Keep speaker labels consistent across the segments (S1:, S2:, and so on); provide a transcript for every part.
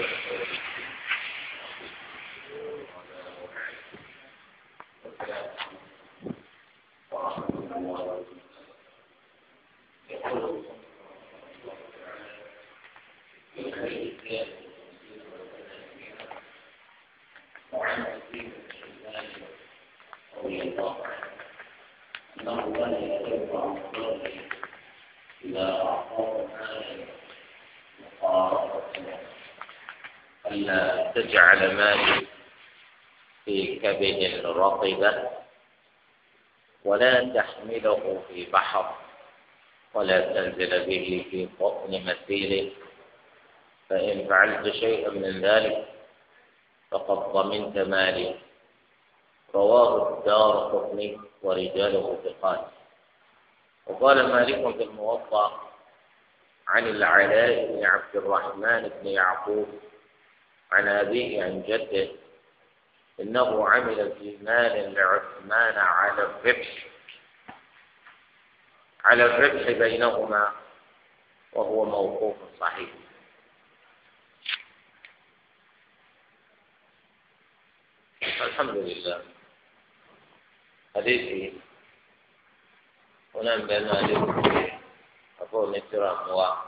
S1: Thank you. تجعل مالي في كبد رطبة ولا تحمله في بحر ولا تنزل به في بطن مثيل فإن فعلت شيئا من ذلك فقد ضمنت مالي رواه الدار قطني ورجاله ثقات وقال مالك في الموطأ عن العلاء بن عبد الرحمن بن يعقوب عن أبيه عن جده إنه عمل في مال لعثمان على الربح على الربح بينهما وهو موقوف صحيح الحمد لله حديثي هنا بين حديث أقول نترى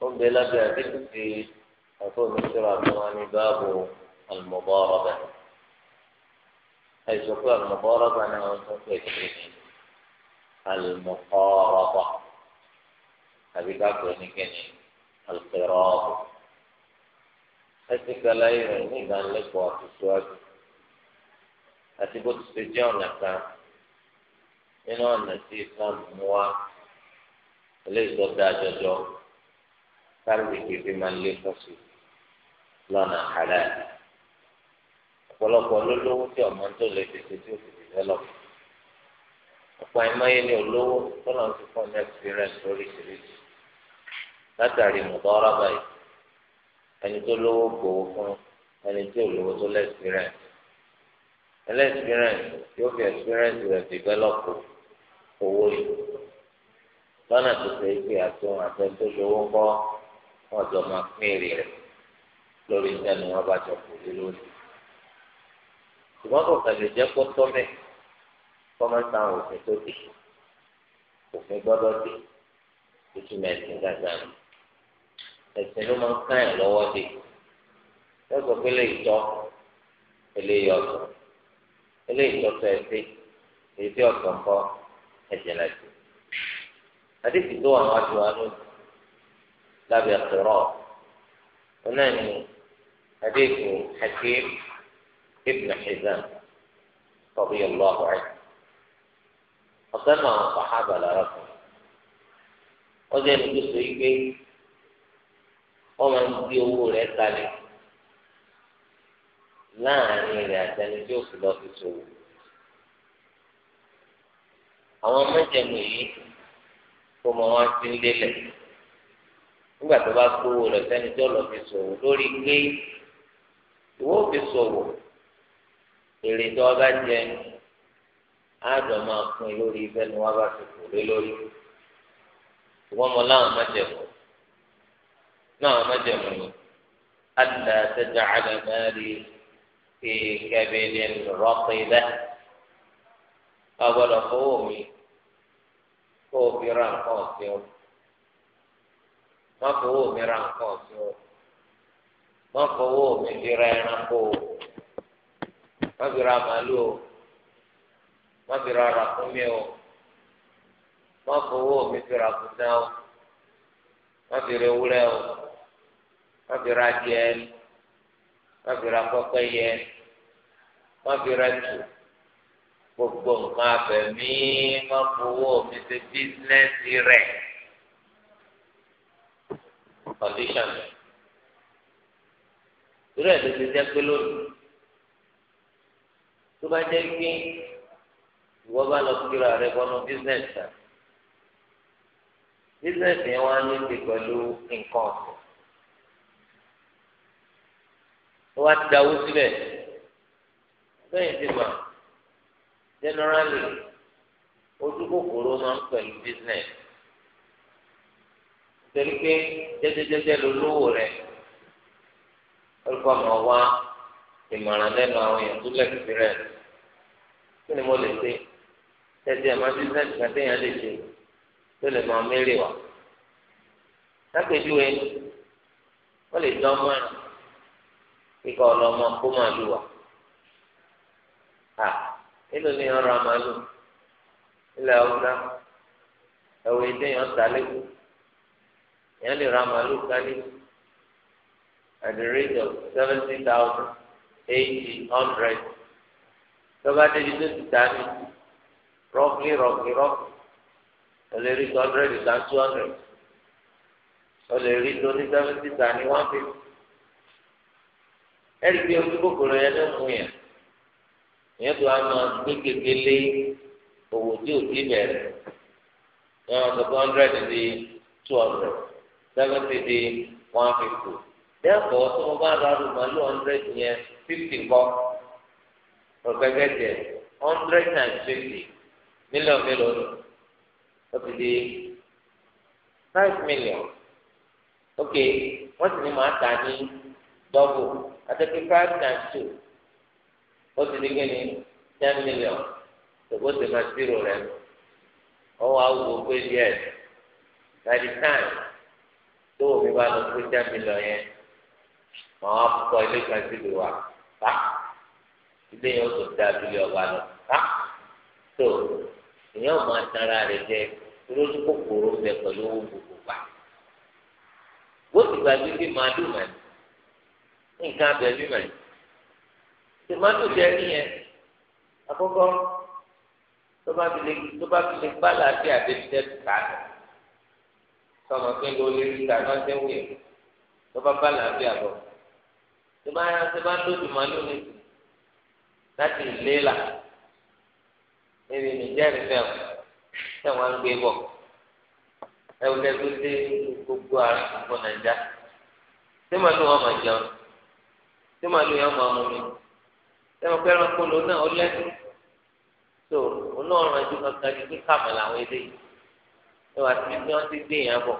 S1: قم بلا في أكون الشرع الثواني باب المضاربة أي قال المضاربة أنا أنتقل المقاربة هذه بعد كني القراب ẹsìn kalayi rẹ ní ìdánilẹ́kọ̀ọ́ àtúntúwájú àti bó ti ṣe jẹ́ ọ̀nà kan nínú ọ̀nà tí Islam mú wá eléyìí tó dáa jọjọ káàdì kìí máa ń lé fọ́sì lọ́nà àlá ọ̀pọ̀lọpọ̀ olólówó tí ọmọ tó lè fèsì tí ó fi develop ọ̀pọ̀ ẹ̀mọ́yé ni olówó tó lọ́n ti fọ́ ní experience lóríṣiríṣi látàrí mọ̀tọ́ ọ̀rọ̀ báyìí ẹni tó lówó gbowó fún ẹni tí ò lówó tó lẹ́sìrẹ́ǹsì ẹlẹ́sìrẹ́ǹsì yóò fi ẹ̀sìrẹ́ǹsì rẹ̀ dìbẹ́lọ́pù owó yìí lọ́nà tó ṣe é pé àtúnwò àtẹ̀tò lówó kọ́ wọn jọ máa pín èrè rẹ̀ lórí iṣẹ́ ni wọ́n bá jọ kù lé lórí. ṣùgbọ́n kò kàn lè jẹ́ kó tọ́ mẹ́ kọ́mọ́tà òfin tó dé òfin gbọ́dọ̀ dé tuntun mẹ́sìn gàgà nù. ẹ̀sìn ló máa ń káyàn lọ́wọ́ dé lọ́sọ̀ pé lè tọ́ eléyìí ọ̀tọ̀ eléyìí tọ́tọ̀ ẹ̀sìn èyí tí ọ̀tọ̀ ń kọ́ àdéhùn tó wà wájú wa ló lábẹ́ àtọ̀rọ̀ ọ̀nà ni àdéhùn Hakim ibn Hizam radiyallahu anhu ọ̀sẹ̀ náà wọ́n hábà lára fún un. wọ́n ẹni tó so yí pé. wọ́n máa ń gbé owó rẹ̀ kalẹ̀ láàrin rẹ̀ àtẹni tí ó fi lọ fi ṣòwò àwọn mẹ́jẹ̀mú yìí kó mọ wá sí lélẹ̀ nígbà tó bá gbówó rẹ̀ sẹ́ni tí ó lọ fi ṣòwò lórí pé ìwọ fi ṣòwò èrè tó ọba jẹ àádọ́ máa pín lórí ìfẹ́ ni wọ́n bá fi kò lé lórí ìwọ́n mọ láwọn mẹ́jẹ̀mú náà mẹjẹmú ni ala tẹjọ alamari fi kẹbìlì rọpìlẹ ọgbọdọ fowó mi kó o fi ra nǹkan ọ̀sìn o
S2: má fowó mi ra
S1: nǹkan ọ̀sìn o má fowó mi fi ra ẹranko o má fi ra màálù o má fi ra ràkúnmí o má fowó mi fi ra kùtà o má fi ra ewúrẹ́ o wọ́n fi ra díẹ̀ wọ́n fi ra pẹ́pẹ́yẹ wọ́n fi ra tù gbogbo nǹkan abẹ̀mí wọ́n fowó mi ṣe bísínẹ́sì rẹ̀ condition irú ẹ̀ ló ti jẹ́ pé lónìí tó bá jẹ́ pé ìwọ bá lọ kíra rẹ bọ́nu bísínẹ́sì rẹ̀ bísínẹ́sì yẹn wá ní ti pẹ̀lú nǹkan ọ̀sìn. ó wá da owó sílẹ̀ lẹ́yìn tí mà generally ojú kòkòrò máa ń pẹ̀lú business nítorí pé jẹ́jẹ́jẹ́jẹ́ lolówó rẹ̀ olùkọ́ máa wá ìmọ̀ràn lẹ́nu àwọn èèyàn tó lẹ́kìtì rẹ̀ kí ni mo lè ṣe tẹ́tí ẹ̀ máa business kan téèyàn lè ṣe tó lè máa mérè wá lápèjúwe wọ́n lè dán mọ́ràn kíkọ́ ọlọ́mọ kó máa lù wá. à nílò ní ọ̀rọ̀ àmàlù ilẹ̀ ọ̀gá ẹ̀wọ̀ èdè yẹn ta lẹ́kọ̀ọ́ yẹn lè ra àmàlù kálí at the rate of seventy thousand eighty hundred tọ́ba débi tó ti ta ni roughly roughly roughly o lè rí two hundred ìta two hundred o lè rí tó ní seventy ta ni one fifty ẹ̀rí pé ojú kòkòrò yẹn ló mú yẹn ìyẹn tó a máa gbé gegele owó tí ò ti bẹ̀rẹ̀ yẹn wọn sọ pé hundred di two hundred seventy di one fifty therefore tí mo bá ra lu màálù hundred yẹn fifty kọ́ ọ̀gbẹ́gbẹ́ tẹ̀ hundred times fifty mílíọ̀nù mélòó ni ó ti di five million ok wọ́n sì ní màá ta ní dọ́bù àtẹ̀kí five times two ó ti di kíni ten million tòbó ti máa zero rẹ̀ ọwọ́ awúwo pé díẹ̀ by the time tó omi bá lọ pé ten million yẹn màá wá kọ́ ilé kan síbi wa pa ilé yẹn ó tó dá abúlé ọba lọ pa tó èèyàn máa tara rẹ̀ jẹ lórí kòkòrò bẹ pẹ̀lú owó gbogbo pa bó ti gbàgbé bí màá dùn màá nǹkan abẹ mímọ yìí tòmátò jẹ níyẹn àkọ́kọ́ tó bá fi lè tó bá fi lè gbá làásì àdébìtẹ tààtà sọmọ pé ló lè rí ta náà sẹwìn ẹ tó bá bá làásì àbọ tó bá tó bá lójú màá lónìí láti lé la níbi nìjẹrìí fẹwọn fẹwọn gbé bọ ẹ wọlé tó dé gbogbo àrùn fún nàìjíríà sẹmọ wọn máa jẹun tí màálù yẹn máa mú mi sẹ́wọ̀n pé ẹranko ló náà ó lẹ́nu tó oná ọ̀ràn ju kankan ju kí kàmà làwọn eléyìí ẹ wá sí bí wọ́n ti gbé yẹn bọ̀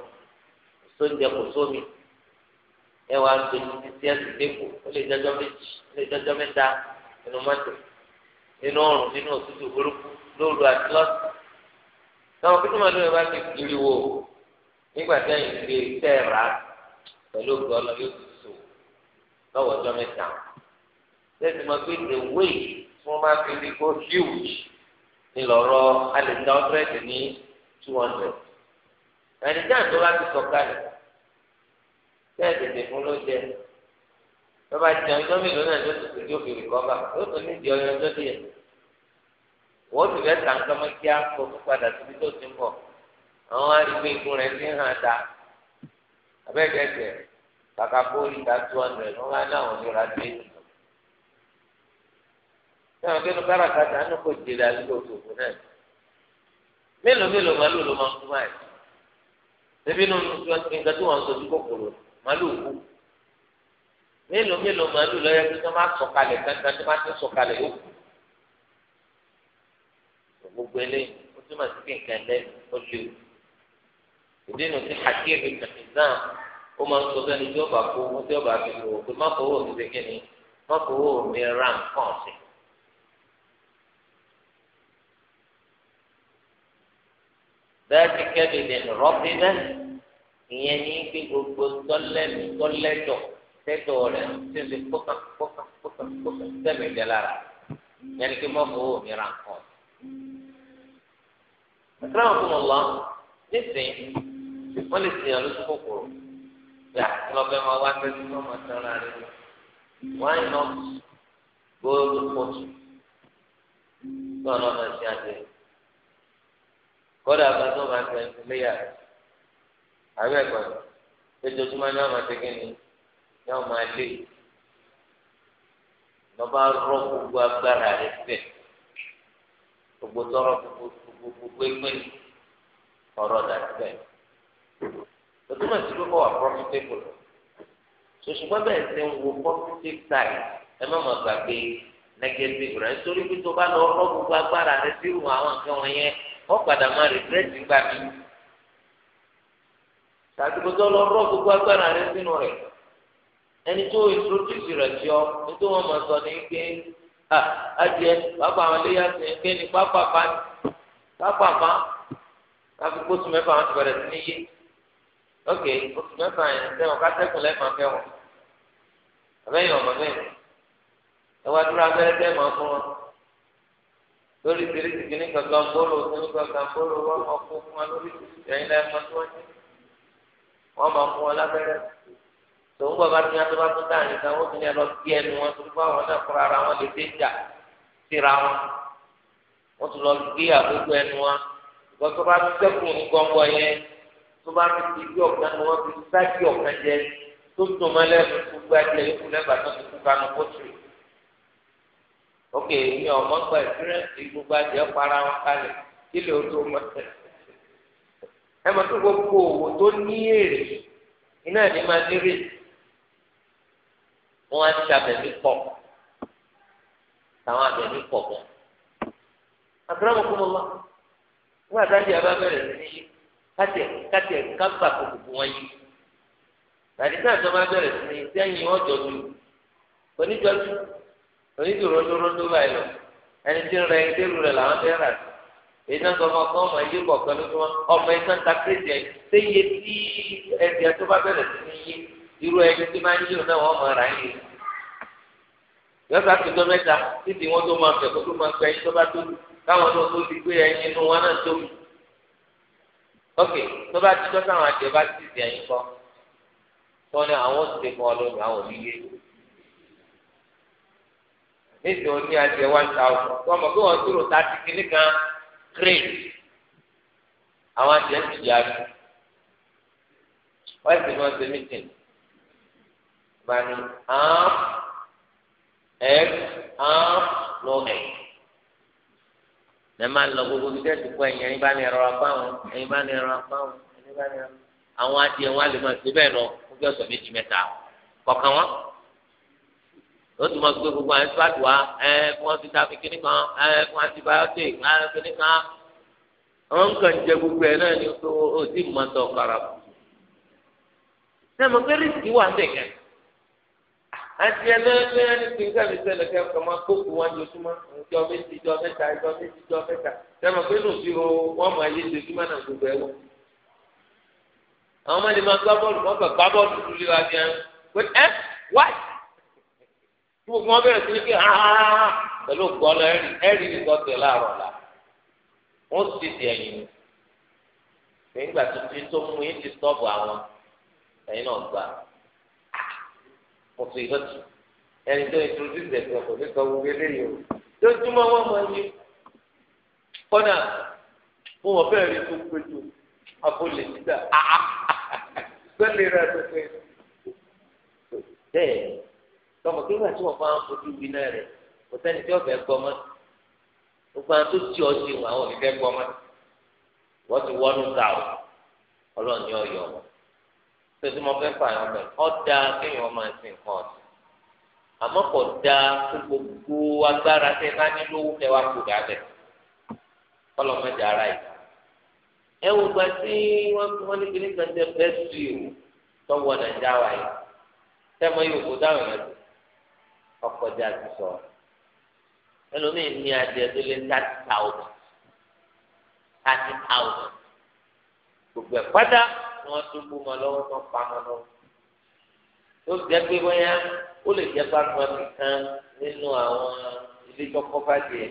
S1: sóúnjẹ kò sómi ẹ wá gbé títí ẹsẹ̀ lẹ́kọ̀ọ́ ó lè jọjọ́ méjì ó lè jọjọ́ mẹ́ta nínú mọ́tò nínú ọ̀rùn nínú òtútù burúkú lóru àti lọ́sùn sọ̀rọ̀ pé tí màálù yẹn bá ti kiri wo nígbà tí ẹ̀yìn gbé tẹ́ẹ̀ rà pẹ̀lú ògbọ́n lọ yóò lọ́wọ́ ọjọ́ mẹ́ta lẹ́sìn mọ́ pé the way tí wọ́n máa kó huge ní lọ́rọ́ alẹ́ta hundred ní two hundred nàìjíríà tó bá ti sọ̀kalẹ̀ tẹ́ẹ̀ tètè fún ló jẹ lọ́ba ti ọjọ́ mélòó náà ló ti tètè yóò rìkọ́bà ó tún ní ìdí ọyọ ọjọ́ díẹ̀ wọ́n ti fẹ́ tàn kọ́mọ́ kí á kó padà síbi tó ti ń bọ̀ àwọn arìgbé igun rẹ̀ ti ń hàn ta abẹ́ẹ̀kẹ́sẹ̀ kàkà kó ìdá two hundred wọn máa náà wọn ní ra twenty náà kí ló kára kàtà ní kò jèrè àdúgbò tòkù náà mélòó mélòó màlúù ló máa ń kú báyìí ebi nu nǹkan tí wọn ń sojú kòkòrò màlúù kú mélòó mélòó màlúù lọ yẹ kí wọn máa sọ̀kalẹ̀ kankan tí wọn ti sọ̀kalẹ̀ yóò kú gbogbo eléyìí ó túmọ̀ sí kí nǹkan lẹ́nu ó ó máa ń sọ sẹ́ni tí ọba kó owó tí ọba fi lò ó pé má fowó mi ṣe kí ni má fowó mi ra nǹkan ọ̀sìn. dáàbì kẹ́mi lè rọ́bí náà ìyẹn ní pé gbogbo tọ́lẹ́mì tọ́lẹ́jọ tẹ́tọ̀ rẹ̀ ti lè kókà kókà kókà kókà sẹ́mi lára ìyẹn ní pé má fowó mi ra nǹkan ọ̀sìn. àtúrà ọ̀kùnrin ọ̀la nísìnyí wọ́n lè sèyàn lóṣù kòkòrò yà lọ́bẹ̀ máa wá tẹ́lẹ̀ tó máa tẹ́lẹ̀ rẹ̀ why not go to court tó ọ̀nà máa ṣe àjẹ́ kódà bá tó máa tẹ̀ léyà àbẹ̀ ẹ̀kọ́ lójoojúmọ́ ni wọ́n máa tẹ́kẹ́ ni yóò máa lé lọ́ba rọ gbogbo agbára rẹ̀ síbẹ̀ gbogbo tọrọ gbogbo gbogbo gbogbo ẹgbẹ́ ọ̀rọ̀ dà síbẹ̀ o túmọ̀ sí pé kọ́ wà profitable ṣùṣùgbọ́n bẹ́ẹ̀ ṣe ń wo positive side ẹ má mọ̀ gbàgbé negative rẹ̀ nítorí pé tó bá lọ rọ́ gbogbo agbára rẹ̀ sí ìwọ̀n àwọn nǹkan wọn yẹn wọ́n padà máa regret gbà mí tàbí kó tó lọ rọ́ gbogbo agbára rẹ̀ sínú rẹ̀ ẹni tó introduce rẹ̀ sí ọ nítorí wọ́n máa sọ ní pé adìẹ bàbá àwọn ilé yàtọ̀ yẹn pé pápá pa pápá pa káfíńkó sùn mẹ́fà wọn ti bẹ̀rẹ̀ sí ní yé ok oṣù mẹ́fà yẹn sẹ́wọ̀n kátẹ́kùn lẹ́ẹ̀kan fẹ́ wọn abẹ́yìn ọmọ bẹ́ẹ̀ ẹ wá dúró abẹ́rẹ́ bẹ́ẹ̀ máa fún wọn lórí tìrìtì kìíní kankan gbòòrò kìíní kankan gbòòrò wọn máa fún wọn lórí tìrìtì ẹ̀yin lẹ́ẹ̀kan tó wọ́n jẹ́ wọn máa fún wọn lábẹ́rẹ́ tó ń gbọ́ bá tún yàtọ̀ bá tún dáhùn ìta wọn fi ní ẹlọ bí ẹnu wọn tó fún àwọn náà fúnra ara wọn lè dé jà síra wọn wọn tún lọ gbé àgbégbó ẹnu wọn gbọ́dọ̀ bá tẹ́kùn tó bá fi ti bí ọ̀gá ni wọ́n fi sáàkì ọ̀gá jẹ tó tó mọ́ lẹ́nu gbogbo ajẹ́ yókù lẹ́gbà tó ti kú kanu pọ́tìrì. ok mi ò mọ́ gba ìfírẹ́ǹsì gbogbo ajẹ́ para wọn kalẹ̀ kí lè o tó mọ́ tẹ̀. ẹ mọ̀ tó gbogbo òwò tó ní èrè iná ní máa lérè wọ́n á ti abẹ̀mí pọ̀ táwọn abẹ̀mí pọ̀ bọ̀. àbúrò àwọn ọkùnrin wa wọ́n àtàkì abábẹ̀rẹ̀ sí ní yìí kátì kátì kápá kòkòkò wọn yìí tàbí sáà tó máa bẹ̀rẹ̀ sí ní sẹ́yìn ọ̀jọ̀ ju oníjọ́jú onídùúró lóró ló báyìí lọ ẹni tí ń rẹ ẹni tí ń rẹ làwọn fẹ́ rà sí iná sọmọ kọ ọmọ yìí kọ̀ọ̀kan lójúmọ́ ọmọ iná ta kéde ẹ̀ ṣé iye tí ẹ̀dẹ̀ tó bá bẹ̀rẹ̀ sí ní yé irú ẹni tí máa ń yí náà wọ́n máa rà ń yé yọ́sà tuntun mẹ́ta títí wọ́n tó máa fẹ̀ kó tó máa fẹ́ ẹyin tó bá tó ok tó bá ti dọ́kà àwọn àjẹ bá ti di ẹyin kọ́ tó ní àwọn òṣèré kan lónìí àwọn oníyé níṣẹ́ oní àjẹ one thousand tó ọmọ pé wọ́n dúró tàbí kìíní kan crate àwọn àjẹ ti yà á wọ́n ti mọ̀ ṣe mítìn bani arm x arm no x lẹ máa ń lọ gbogbo bí tẹ́sí kọ ẹ̀yìn ẹ̀yìn bá ní ẹ̀rọ apá wọn ẹ̀yìn bá ní ẹ̀rọ apá wọn ẹ̀yìn bá ní ẹ̀rọ àwọn adìẹ wọn lè máa ṣe bẹ́ẹ̀ lọ fún bí ọ̀sẹ̀ méjì mẹ́ta kọ̀ọ̀kan wọn ó tún máa gbé gbogbo àwọn ìfúwàdù wa ẹ fún wọn ti kíní kan ẹ fún antibiotic ẹ kíní kan wọn kàn jẹ gbogbo ẹ náà ní o ti mọ tó kara sẹ́mi pé rìsíkì wà ń bẹ̀ àti ẹlẹ́gbẹ́ ẹni tí nǹkan mi ṣẹlẹ̀ kẹ́ ọkọ̀ máa kókò wọn lójúmọ́ ìjọ méjì ìjọ mẹ́ta ìjọ méjì ìjọ mẹ́ta sẹ́mi pé nù sí o wọ́n mọ ayé lójúmọ́ náà gbogbo ẹ̀ wọ́n. àwọn ọmọdé máa gbá bọ́ọ̀lù wọn bẹ̀ gbá bọ́ọ̀lù dúdú lé wa bí ẹn pé ẹ wáì tí gbogbo wọn bẹ̀rẹ̀ sí ní kí aaa pẹ̀lú gbọ́lọ ẹ̀rì ẹ̀rì ní gbọ́tẹ̀ láàrọ̀ la wọ́n sì ti ẹ̀yìn nígbà tuntun tó mú yín ti sọ́ọ̀bù àwọn ẹ̀yin náà gbà á kòtò ìdọ̀tí ẹni tó introduce ẹ̀sìn ọ̀pọ̀ nípa gbogbo eléyìí o tó túmọ̀ wọn mọ ní kọ́nà fún wọn bẹ́ẹ̀ rí tó péjú àpòlè nígbà gbẹ́lẹ̀ rẹ̀ tó pé bẹ́ẹ̀ tọmọ kí wọ́n ti wọ́n fún àwọn fojú wí náà rẹ̀ kò sẹ́ni tí ọ̀fẹ́ gbọ́ mọ́ gbogbo àwọn tó ti ọtí wọn àwọn òfìfẹ́ gbọ́ mọ́ wọ́n ti wọ́nú ta ọ̀ ọlọ́ọ̀ni tòtí mo fẹ́ fà yàn bẹ̀rẹ̀ ọ̀dà kéèyàn máa sin nǹkan ọ̀sìn àmọ́ kò da fún gbogbo agbára tẹ ká ní lówó kẹ wá kó dà bẹ̀ kọlọ́mọdé ara yìí. ẹ wo gba tí wọ́n fi wọ́n ní kíní kan jẹ bẹ́ẹ̀ sí o tọ́wọ́ nàìjíríà wà yìí tẹ́mọ yóò kó dáhùn yẹn tó ọkọ̀ dí a ti sọ ẹlòmíì ní adìẹ tó lé thirty thousand thirty thousand gbogbo ẹ̀ pátá tí wọ́n tún bú wọn lọ́wọ́ tó pa wọn lọ.
S2: tó jẹ́ pé bóyá
S1: ó lè jẹ́ pàtó nìkan nínú àwọn ilé tọkọ bàjẹ́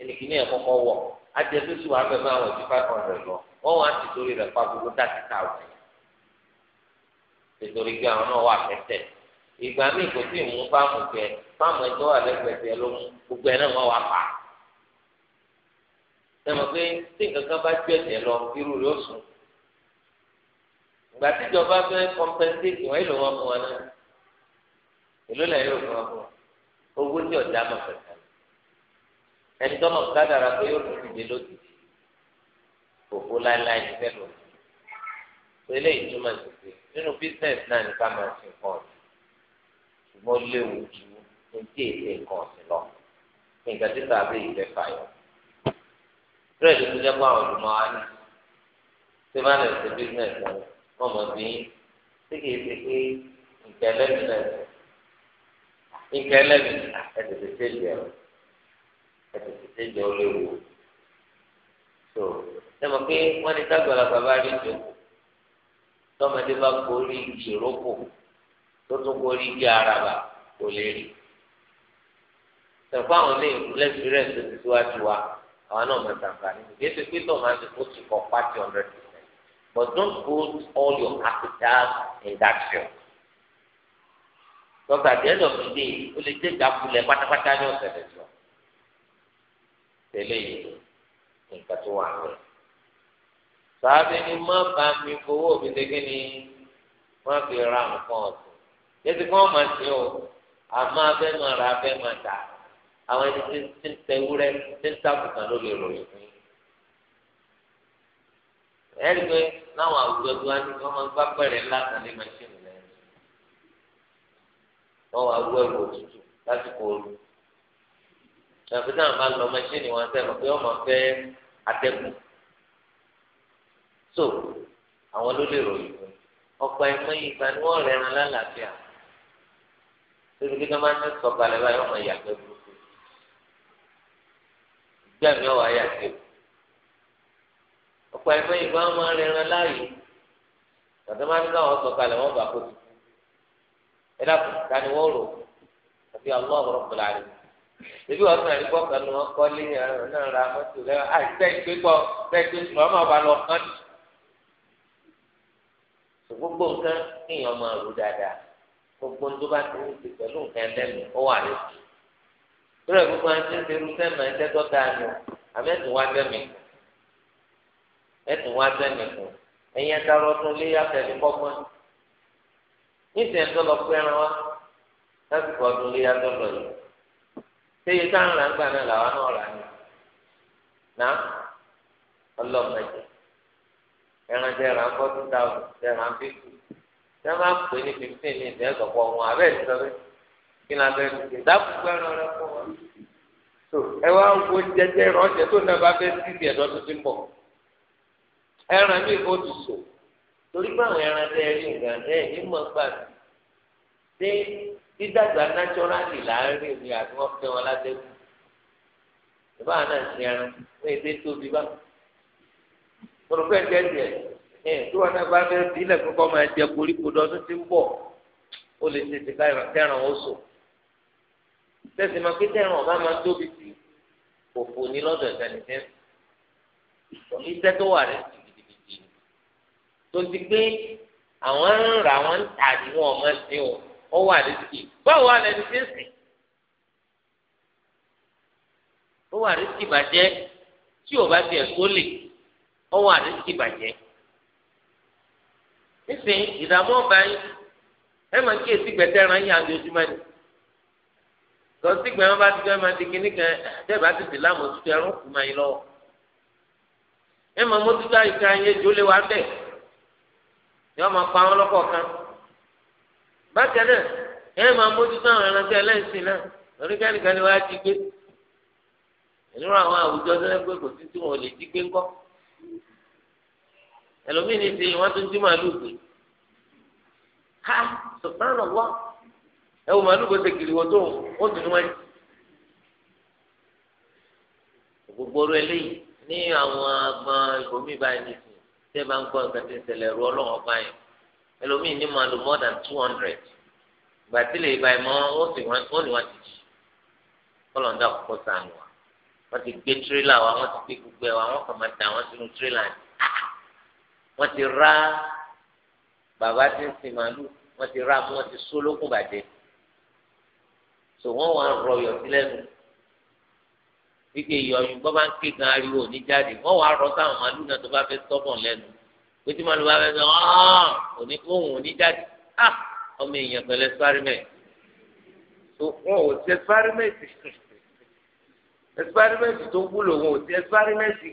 S1: ẹnìkíní ẹ̀ kọ́kọ́ wọ̀ ajẹ́ tó sì wà á bẹ̀rẹ̀ àwọn ìdí five hundred lọ wọ́n wá ti torí rẹ̀ pa gbogbo thirty thousand. nítorí pé àwọn náà wà pẹ́tẹ́ ìgbà míì kò tí ì mú fáàmù jẹ fáàmù ẹjọ́ wà lẹ́gbẹ̀ẹ́ gbogbo ẹ̀ náà wọ́n wá pa. ẹ mọ̀ pé tí nǹkan kan bá jẹ́ ẹ̀jẹ̀ lọ irú rẹ̀ ó sùn ìgbà tí ìjọba fẹ́ kọ́mpẹ́ntéètì wọ́n èlò wọn fún wọn náà èlò lẹ́yìn òfin wọn fún wọn owó ní ọ̀dà mọ̀ pẹ̀lú ẹni tọ́nà kádàrà pé yóò tún dìde lójijì òfò láéláé ní fẹ́ lò ó eléyìí túmọ̀ sí pé nínú bísíǹsì náà ní ká máa fi nǹkan ọ̀sìn ṣùgbọ́n léwu ju ní tí èsì nǹkan ọ̀sìn lọ nǹkan tí tàbí ìfẹ́ fàyọ̀ bírèdì tó jẹ́ pé àwọn olùmọ̀ wa ní ṣé wọn mọ̀ sí tí kìí ṣe pé nǹkan ẹlẹ́mìí náà nǹkan ẹlẹ́mìí ẹ̀tẹ̀tẹ̀ ṣe so ṣe mọ̀ pé wọ́n ní ságbàlagbà bá rí jù tọ́mọdé bá gorí ìrókò tó tún gorí igi araba kò lè rí tẹ̀fọ́ àwọn ní ìfúlẹ́sì rẹ̀ tó ti síwájú wa àwọn náà mọ̀ tàǹfà nínú kí ẹ ti pé tó ti kó pàtì ọ̀rẹ́dì. But don't put all your capital in that field. Because at the end of the day, o take that ìdákulẹ̀ pátápátá ní ọ̀sẹ̀ rẹ̀ jọ. Tẹ̀lé yìí nǹkan tó wà lọ. Sàbí ni má bá mi fowó mi dégé ni wọ́n fi ra nǹkan ọ̀sìn. Yẹ́sì kí wọ́n máa ṣe o, àmọ́ abẹ́ máa ra abẹ́ máa tà. Àwọn ẹni tí ń tẹ ewúrẹ́ tí ń tàbùkàn ló lè ròyìn fún ẹ̀rí pé láwọn àwùjọ tó wá ní kí wọ́n máa gbá pẹ̀rẹ̀ ńlá kan lé mẹ́ṣíìnì lẹ́yìn wọ́n wá wú ẹ̀rù òtútù lásìkò ooru tàbí náà máa lọ mẹ́ṣíìnì wọn sẹ́nu pé wọ́n máa fẹ́ atẹ́gùn so àwọn ló lè ròyìn fún ọ̀pọ̀ ẹ̀mọ́ yìí ìgbà ni wọ́n rẹ̀ran lálàáfíà tóbi kí wọ́n máa ń sọ̀kalẹ̀ báyìí wọ́n máa yàgbẹ́ burúkú gbẹ̀mí ọ̀wá yàgbẹ́ burúkú ọ̀pọ̀ ẹ̀fọ́ ìgbà máa ń rẹran láàyè tàbí máa ń ká wọn sọ̀kalẹ̀ wọn gbà kóòtù ẹ dàpọ̀ tani wọ́n rò àti àwọn ọ̀rọ̀ bùrọ̀ àlè ebi wọn sọ̀rọ̀ nípa ọ̀kan ni wọ́n kọ́ lé náà ra mọ́tò lẹ́wọ̀n àìsẹ́ ìgbégbọ́ bẹ́ẹ̀ tó sùn ọmọ ọba lọ kán gbogbo nǹkan kéèyàn máa rò dáadáa gbogbo ń tó bá ti ń ṣe pẹ̀lú nǹkan ẹlẹ́nu ó wà lẹ́sìn. lórí ẹ̀ gbogbo àti ń ṣe irú sẹ́mi ẹ̀ tẹ́tọ́ dáa ni àmẹ́sìn wá sẹ́mi kan. ẹtù wá sẹ́nìkù ẹ̀yin ẹ̀dáró tún lé afẹ́lẹ́ kọ́gbọ́n níṣẹ́ tó lọ pé ẹran wa lásìkò ọdún lé yàtọ̀ lọ yìí séye tá à ń rà ńgbà náà làwa náà rà ní nà ọlọ́mọdé ẹran jẹ ẹran fọ́tí táwọn jẹ ẹran fífi jẹ máa pè ní fifteen ní ìdẹ́ ẹ̀kọ́ wọn abẹ́ ti kí bẹ́ẹ̀ rẹ fún ẹran mi ò ti sò torí pé àwọn ẹran tẹ rí nǹkan ẹ ní mọ̀ gbà dé dídàgbà láàárín omi àti wọn fẹ́ wọn látẹkù ìbá náà ti ẹran wọn èdè tóbi bá kòròfẹ jẹjẹ ẹ tí wọn náà bá fẹ́ kọ́kọ́ máa jẹ koríko tí ń bọ̀ ó lè tètè ká ó sò máa tóbi sí òfò ní lọ́dọ̀ tó wà sí. tó ti pé àwọn ń ra wọn ń tà ní wọn ọmọ sí o ó wà lẹ́sìkì báwo wà lẹ́nu tí ń sìn ó wà lẹ́sìkì bàjẹ́ tí ò bá tiẹ̀ tó lè ó wà lẹ́sìkì bàjẹ́ nísìnyí ìdààmú ọba yín ẹ máa kí èsì gbẹ̀tẹ́ ẹran yín àti ojúmọ́ ni tọ́sí gbẹ̀rẹ̀ wọn bá ti gbẹ̀rẹ̀ máa di kíní kan tẹ́ẹ̀ ti dìlámù tuntun ẹran kù yín lọ́wọ́ ẹ máa mójútó àyíká yín ejò lé wa bẹ́ẹ̀ ni wọ́n máa pa wọn lọ́kọ̀ọ̀kan bákan náà ẹ máa mójútó àwọn ẹranko ẹlẹ́sìn náà oníkẹ́nìkan ni wọ́n á ti gbé nínú àwọn àwùjọ tó ń gbé kò sí tí wọn ò lè jí gbé ńkọ́ ẹlòmíín ní ti wọn tó jí màálù gbé ha sọ̀tánà wá ẹ wò màálù gbèsè kiri wọn tó wọn tún wọn jì gbogbo ọ̀rọ̀ eléyìí ní àwọn agbọn ìbomi báyìí tẹ́ bá ń gbọ́ nǹkan tí ń ṣẹlẹ̀ ru ọlọ́run ọba ẹlòmíì ní máa more than two hundred ìgbà tí lè ba ìmọ̀ ó sì wọ́n ní wọ́n ti jì kọ́lọ́ńdà kọ́kọ́ sànù wa wọ́n ti gbé tírélà wa wọ́n ti gbé gbogbo ẹ̀ wa wọ́n kàn máa dà wọ́n sínú tírélà ni ah! wọ́n ti rá bàbá tí ń sin màálù wọ́n ti rá wọ́n ti sólókùn bàjẹ́ so wọ́n wá rọyọ̀ sílẹ̀ nù wíkẹ́ ìyọ̀yún bọ́ bá ń ké gan ariwo òní jáde wọ́n wàá rọ sáwọn màlúù náà tó bá fẹ́ sọ́bọ̀n lẹ́nu pété màlúù bá fẹ́ sọ ọ́n òní ohun òní jáde á ah, ọmọ èèyàn pẹ̀lẹ́ experiment tó wọn ò ti experiment experiment tó wúlò wọn ò ti experiment pé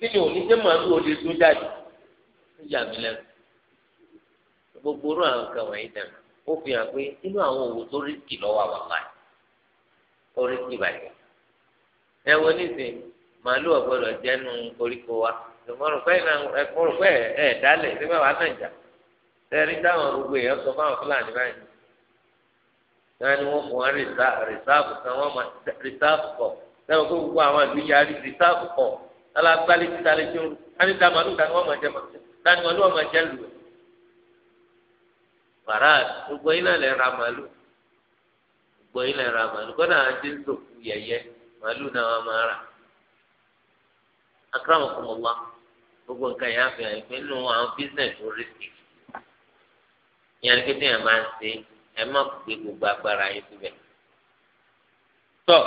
S1: kí ni òní jẹ́ màlúù òde tó jáde ó yà mí lẹ́nu gbogbo orú àwọn kan wọ̀nyí dànù ó fi hàn pé inú àwọn òwò tó rí kì lọ́wọ́ àwọn máa ó rí kì báyìí ẹ wo nísìnyí màálù ọ̀gbọ́dọ̀ jẹ́nu koríko wa ìmọ̀rùnfẹ́ ìmọ̀rùnfẹ́ ẹ̀ dálẹ̀ ṣé báwa náà jà tẹ́rí táwọn gbogbo èèyàn sọ fáwọn fúlàní báyìí náà ni wọ́n fún wa rìsáàfù kan wọ́n máa rìsáàfù kọ̀ sẹ́wọ̀n kó gbogbo àwọn àgbẹ̀ yarí rìsáàfù kọ̀ alágbálẹ̀ títa lè tó káni dá màálù dání wọ́n máa jẹ dání màálù wọ́n máa jẹ lù ẹ̀. bàrà gbogbo yín náà lè ra màálù gbogbo yín náà lè ra màálù kọ́nà àti ń sòkù yẹ̀yẹ́ màálù náà wọ́n máa rà akramakumullah gbogbo nǹkan yẹn àfihàn yìí pé nínú àwọn business tó risky ìyẹn ni kékeré yẹn máa ń ṣe ẹ má gbé gbogbo agbára yín síbẹ̀. tọ́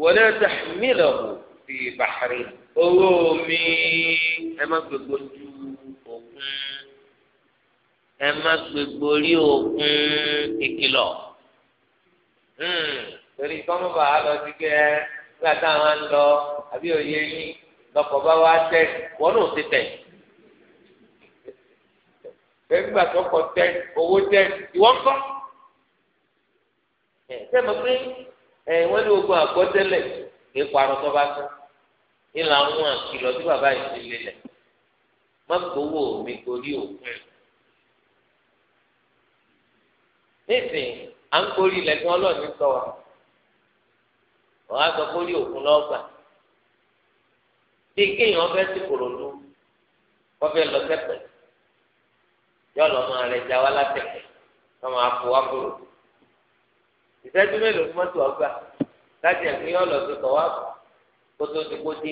S1: wọlé tahmilahu fi bàárì owó mi ẹ má gbogbo ju òkun ẹ má gbogbo rí òkun ìkìlọ̀. Hmm torí kọ́mọ́bà á lọ sí kẹ́ nígbà táwọn ń lọ àbí òye yín lọkọ̀ bá wá tẹ̀ wọ́n náà ti tẹ̀. Bẹ́ẹ̀ni tó kọ tẹ̀ owó tẹ̀ ìwọ́n kọ́. Ṣé mo pé wọ́n ní ogun àgbọ́tẹ́lẹ̀ kí parọ́ tó bá tán? Ìlà àwọn àkìlọ̀ tí bàbá yìí ti lélẹ̀. Má gbowó mi gorí òkun. Nísìnyí, à ń gorí ilẹ̀ tí sọ wa wọn á sọ pé orí òkun lọ́gbà bí kéèyàn fẹ́ sí kòròdú wọ́n fẹ́ lọ sẹ́pẹ̀ yóò lọ máa rẹ̀ já wá látẹ̀pẹ̀ wọ́n máa fò wá kúrò ìṣẹ́jú mélòó ni mọ́tò ọgbà láti ẹ̀kú yóò lọ sí kọ̀wá kótó ti kó dé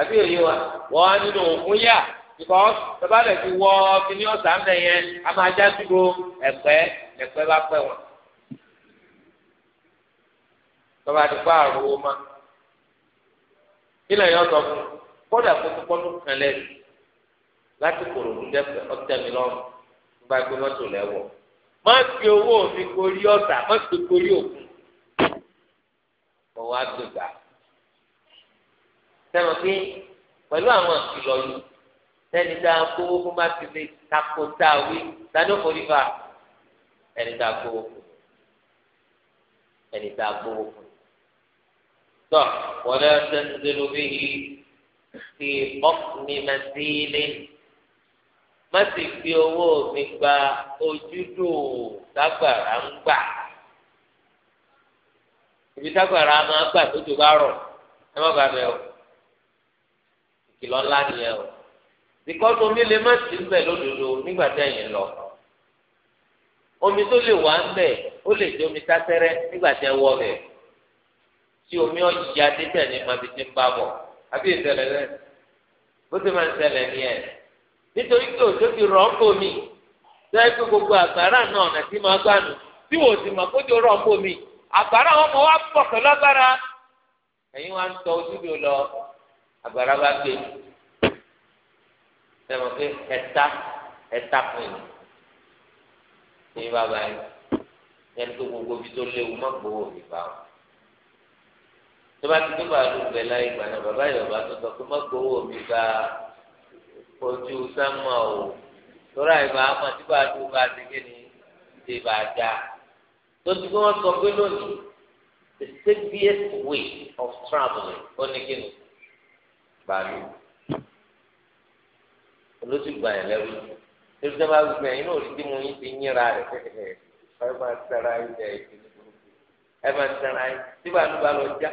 S1: àbí òye wa wọ́n á nínú òkun yá because tọ́ba lè fi wọ́ ọ́ fi ní ọ̀sán bẹ̀ yẹn a máa já dúró ẹ̀pẹ́ ẹ̀pẹ́ bá pẹ́ wọn tọ́ba ti pa àrùn owó ma
S2: kí lẹ́yìn ọ̀sán fún
S1: kọ́dà kótópọ́nù kan lẹ́nu láti kòrò dẹ́pẹ́ ọ̀tẹ̀mí lọ́rùn nígbà gbé mọ́tò lẹ́wọ̀ má fi owó mi gorí ọ̀sà má fi gorí òkun ọ̀wá gbègbà sẹ́nu pé pẹ̀lú àwọn ìkìlọ̀ yìí sẹ́ni tá kówó fún bá ti lè takò tá a wí tani ó forí fa ẹni tá kówó fún ẹni tá kówó fún tọ́ wọlé ṣẹ́ńdẹ́lú bí fi ọkùnrin mẹ́sílẹ̀ má sì fi owó mi gba ojúdò tágbàrá ń gbà ibi tágbàrá máa gbà tó jù bá rọ̀ ẹ má bàbẹ̀ o ìkìlọ̀ ńlá nìyẹn o bìkọ́sì omi lè má sí ń bẹ̀ lódodo nígbà tí ẹ̀yìn lọ omi tó lè wà ń bẹ̀ ó lè jẹ́ omi tásẹ́rẹ́ nígbà tí ẹ wọ bẹ̀ tí omi ọ̀jìjà débẹ̀ ní mabi tí ń bá bọ̀ àbí ìṣẹ̀lẹ̀ rẹ̀ bó ti máa ń ṣẹlẹ̀ ní ẹ̀ nítorí pé òjò ti rọ̀ ọ́pọ̀ mi sẹ́yìn pé gbogbo àgbàrá náà ọ̀nà tí máa gbànú tí wò sí màá kójú rọ̀ ọ́pọ̀ mi àgbàrá wọn mọ wá pọ̀ pẹ̀lú agbára ẹ̀yin wá ń tọ ojúbi lọ àgbàrá bá gbé sẹ́wọ̀n pé ẹ̀ta ẹ̀ta pin ní bàbá yìí ẹni tó gbogbo bí tó léwu má gbowó mi bá wọn tó bá ti tó bàálù bẹ láyé gbà náà bàbá yorùbá tó sọ pé mọ́gbówó mi gba ojú sámà o lọ́rọ̀ àìbá àmọ́ tí bàálù bá ti ni ti bá dá tó ti gbé sọ pé lónìí the safest way of travelling ó ní kí ni bàálù olóṣù gbà yẹn lẹ́rú lórí tó bá gbẹ yín náà ti mú yín ti yínra rẹ̀ ẹ máa tẹ̀ra ẹ máa tẹ̀ra tí bàálù bá lọ já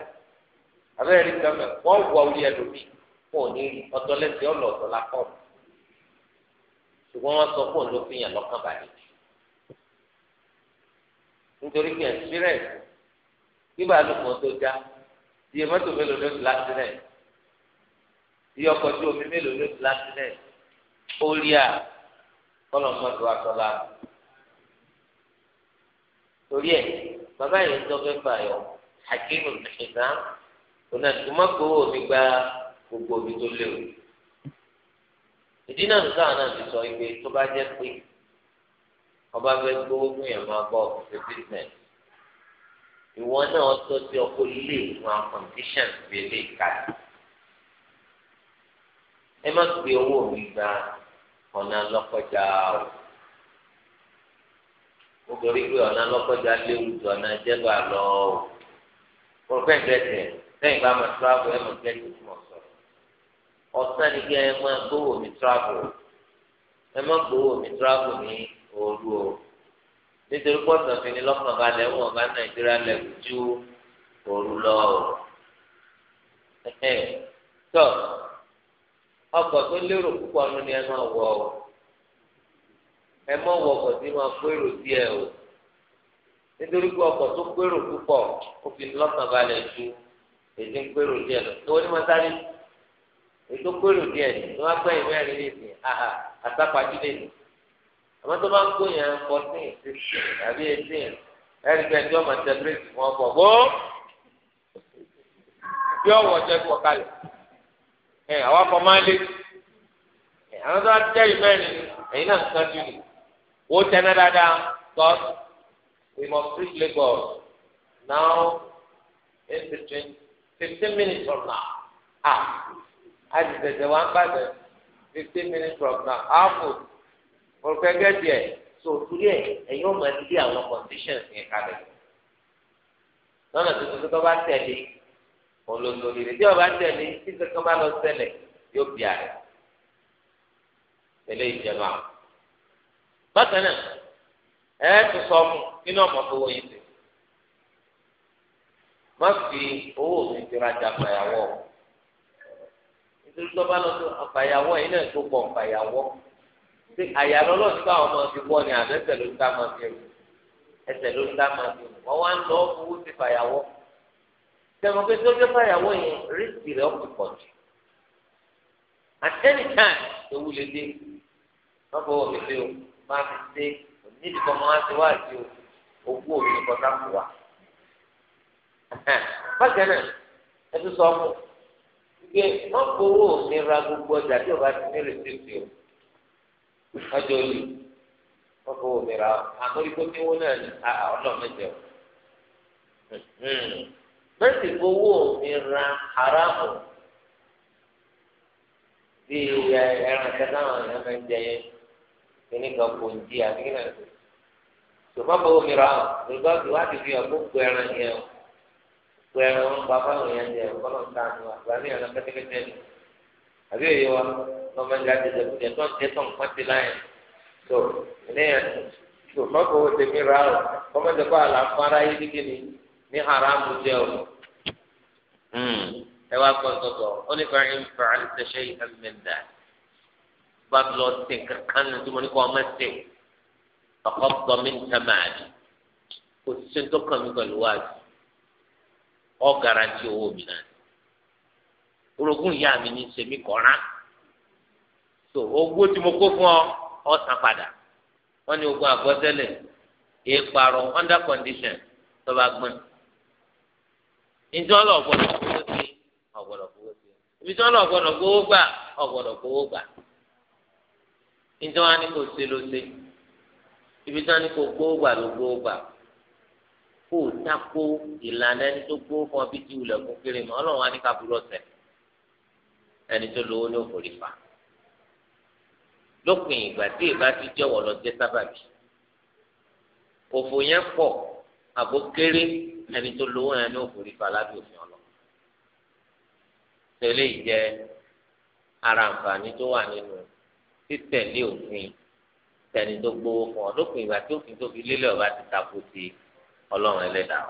S1: abẹ́rẹ́ rí gbàgbẹ́ wọ́n wọ orí ẹlòmíì wọn ò ní rí ọ̀tọ̀ lẹ́sẹ̀ ọ̀lọ̀ ọ̀tọ̀ lápọ̀ ṣùgbọ́n wọ́n sọ fóun ló fi yàn lọ́kàn balẹ̀ nítorí pé experience bíbá àlùkò tó já iye mọ́tò mélòó ló ti láti rẹ̀ iye ọkọ̀ tí omi mélòó ló ti láti rẹ̀ ó rí à kọ́lọ̀ mọ́tò àtọ́lá torí ẹ̀ bàbá yìí ń tọ́ fẹ́ fà yọ hakeem al òun àti kò má gbowó mi gba gbogbo omi tó léwu ìdí náà nǹkan náà ti sọ ìgbé tó bá jẹ́ pé ọba fẹ́ gbowó fún yẹn máa bọ ṣe business ìwọ náà tọ́ sí ọkọ ilé ìwọ̀n conditions bí ilé ìkàlẹ̀ ẹ má gbé owó mi gba ọ̀nà lọ́kọjá o nítorí pé ọ̀nà lọ́kọjá léwu ju ọ̀nà jẹ́gbà lọ o pọ̀fẹ́ǹtẹ̀tẹ̀ lẹ́yìn ìgbà máa tíráàbù ẹ mọ̀ gẹ́gẹ́ tí mo sọ ọ̀sán ni kí ẹ máa gbówó mi tíráàbù ẹ má gbówó mi tíráàbù ní òru o nítorí pọ́sàn fi ni lọ́kàn balẹ̀ wọn bá nàìjíríà lẹ́kù ju òru lọ o tọ́ ọkọ̀ tó lérò púpọ̀ ọdún ni ẹ máa wọ̀ o ẹ má wọ ọkọ̀ tí máa gbèrò díẹ̀ o nítorí pé ọkọ̀ tó gbèrò púpọ̀ ó fi lọ́kàn balẹ̀ ju èdè ń pérò díẹ̀ lọ tó ní mọ́sálí èdè ń pérò díẹ̀ ní tó wá pẹ́yìn mẹ́rin ní ìsìn àhà àtàpàdílé ní àmọ́ tó bá ń kó yẹn fourteen sixteen àbí eighteen ẹ̀rí pé ẹjọ́ máa tẹ̀lẹ́tì fún ọkọ̀ bó bí ọ̀wọ̀ jẹ́ kọ̀ kalẹ̀ ẹ̀ àwọn akọ máa lé àwọn tó bá tẹ́yìn mẹ́rin ẹ̀yin náà ń kájú ni ó tẹ́ná dáadáa God we must preach Lagos now in between fifteen minutes from now ah a ti tẹ̀sẹ̀ wá ń fifteen minutes from now aapo olùkẹ́kẹ́ díẹ̀ so torí ẹ̀ ẹ̀yin ọmọ ẹni bí àwọn conditions yẹn kalẹ̀ lọ́nà tuntun tó bá tẹ̀lé olóńdóri rẹ̀ tí ọba tẹ̀lé tí kankan bá lọ ṣẹlẹ̀ yóò bí àrẹ tẹ̀lé ìjẹba bákan náà ẹ̀ ẹ́ tó sọ fún nínú ọmọ tó wọ́n yìí tẹ̀ má fi owó mi fi rajà fàyàwọ́ nítorí tó bá lọ sí fàyàwọ́ yìí náà tó pọ̀ fàyàwọ́ ṣé àyà lọ́lọ́ ní káwọn máa fi wọ́ ni àbẹ́sẹ̀ ló ń dá máa fi rù ẹsẹ̀ ló ń dá máa fi rù wá ń lọ owó sí fàyàwọ́ tẹ̀wọ́n pé tó dé fàyàwọ́ yẹn rísì rẹ̀ ọ̀pọ̀ pọ̀ jù at any time ewu lè dé wọ́n fọwọ́ mi pé o máa fi ṣe onídìbọn máa ti wá àti òkú òmìnir bákan náà ẹ tún sọ fún pé wọn gbowó mi ra gbogbo ọjà tí o bá ti ní rìsíìtì o ọjọ́ olè wọn gbowó mi ra àmọ́rígbó tí wọn náà ní ọlọ́mẹjẹ o mẹ́sì gbowó mi ra haramu bí ẹran kẹta àwọn máa ń jẹ kíní kan kò ń jí àbí kíní kan tó má gbowó mi ra o lóògbé wá ti fi hàn gbogbo yẹn o pé ẹran ń pa fáwọn èèyàn jẹ ọkọ náà ta àánú àgbà ní ọ̀nà kẹ́tẹ́kẹ́tẹ́ ni àbí òye wa lọ́mọ ìjà jẹjẹ kúndé tó ń jẹ tó nǹkan ti láyìn tó ẹlẹ́yìn tó mọ́kò tèmi ra ọ kọ́mọ́tò kọ́ àlàfo dídí ni ní haramu jẹ o hmm, ẹ wá gbọ́n tọ̀tọ̀ ó ní fàáyé ń fà á ní sẹ́sẹ́ yìí ká mi dà bá lọ sí kankan ní tí mo ní kọ́ ọmọ sí ọkọ̀ gbọ́n mi ń tẹ̀ máa di kò sí tó kàn mí pẹ̀lú wájú. ọ garanti owó mi náà orogún ìyá mi ní so owó tí mo kó fún ọ ọ san padà wọ́n ogún àgbọ́sẹ́lẹ̀ under condition tọ́ba gbọ́n ìjọ́lọ̀ ọ̀gbọ́dọ̀ fowó sí ọ̀gbọ́dọ̀ fowó sí ìjọ́lọ̀ ọ̀gbọ́dọ̀ fowó gbà ọ̀gbọ́dọ̀ fowó gbà ìjọ́ wa ní kò ló kó o tako ìlànà ẹni tó gbó fún ọbí tí wulẹ̀ kún kiri mọ́ ọlọ́run á ní ká burú ọ̀sẹ̀ ẹni tó lówó ní òkòrè fà lópin ìgbà tí ìbá ti jẹ́wọ́ lọ jẹ́ sábàbí òfò yẹn pọ̀ àbó kéré ẹni tó lówó yẹn ní òkòrè fà lábẹ́ òfin ọ̀lọ́ tẹ́lẹ̀ ìjẹ́ ara àǹfààní tó wà nínú títẹ̀lé òfin tẹni tó gbówó fún ọ lópin ìgbà tí òfin tó fi lélẹ̀ ọba ti tako sí i. ọlọ́run ẹlẹ́dàá.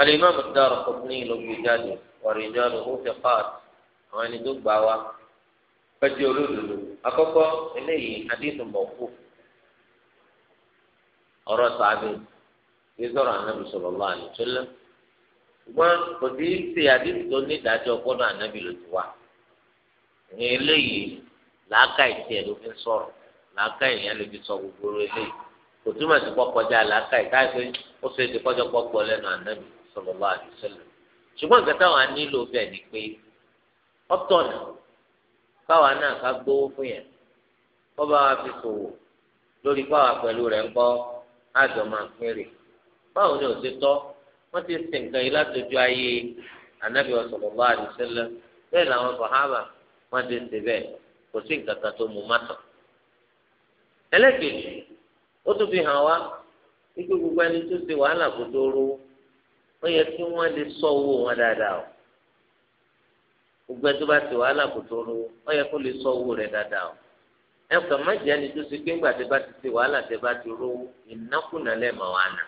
S1: alimami dara kọ́kúnrin ló gbé jáde wàrìjọ́ ló ń fi pààt àwọn ẹni tó gbà wá pẹ́jì olódodo akọ́kọ́ eléyìí adéhùn ọ̀rọ̀ sàbẹ̀ yìí sọ̀rọ̀ anábì sọ̀rọ̀ lọ́wọ́ àlùtúlẹ̀ ṣùgbọ́n kò sí ṣe àdéhùn tó ní ìdájọ́ gbọ́dọ̀ anábì ló ti wá eléyìí làákà ìtì ẹ̀ ló fi sọ̀rọ̀ làákà ìyẹn ló fi sọ gbogbo eléyìí. kò túmọ̀ sí pọ̀ kọjá àlàkà ìta pé ó ṣe ti kọjọ pọ̀ pọ̀ lẹ́nu ànábì sallallahu alaihi wasallam ṣùgbọ́n nǹkan táwọn á nílò bẹ́ẹ̀ ni pé ọ̀tọ̀nà káwa náà ká gbówó fún yẹn kọ́ bá wa fi ṣòwò lórí káwa pẹ̀lú rẹ̀ ń kọ́ àjọ máa pín rè báwo ni ò ṣe tọ́ wọ́n ti sin nǹkan yìí látọjú ayé ànábì sallallahu alaihi wasallam bẹ́ẹ̀ làwọn sàhábà wọ́n ti ṣe bẹ́ẹ̀ kò sí nǹkan kan tó mú mátàn ẹlẹ́kẹ̀ẹ́ ó tún fi hàn wá ikú gbogbo ẹni tó ṣe wàhálà kó tó rówó ó yẹ kí lè sọ owó wọn dáadáa o gbogbo ẹni tó bá ṣe wàhálà kó tó ó yẹ kó lè sọ owó dáadáa o má ẹni tó ńgbà bá ti ṣe wàhálà bá ti rówó ìnákùnà lẹ́ẹ̀mọ́ wa nà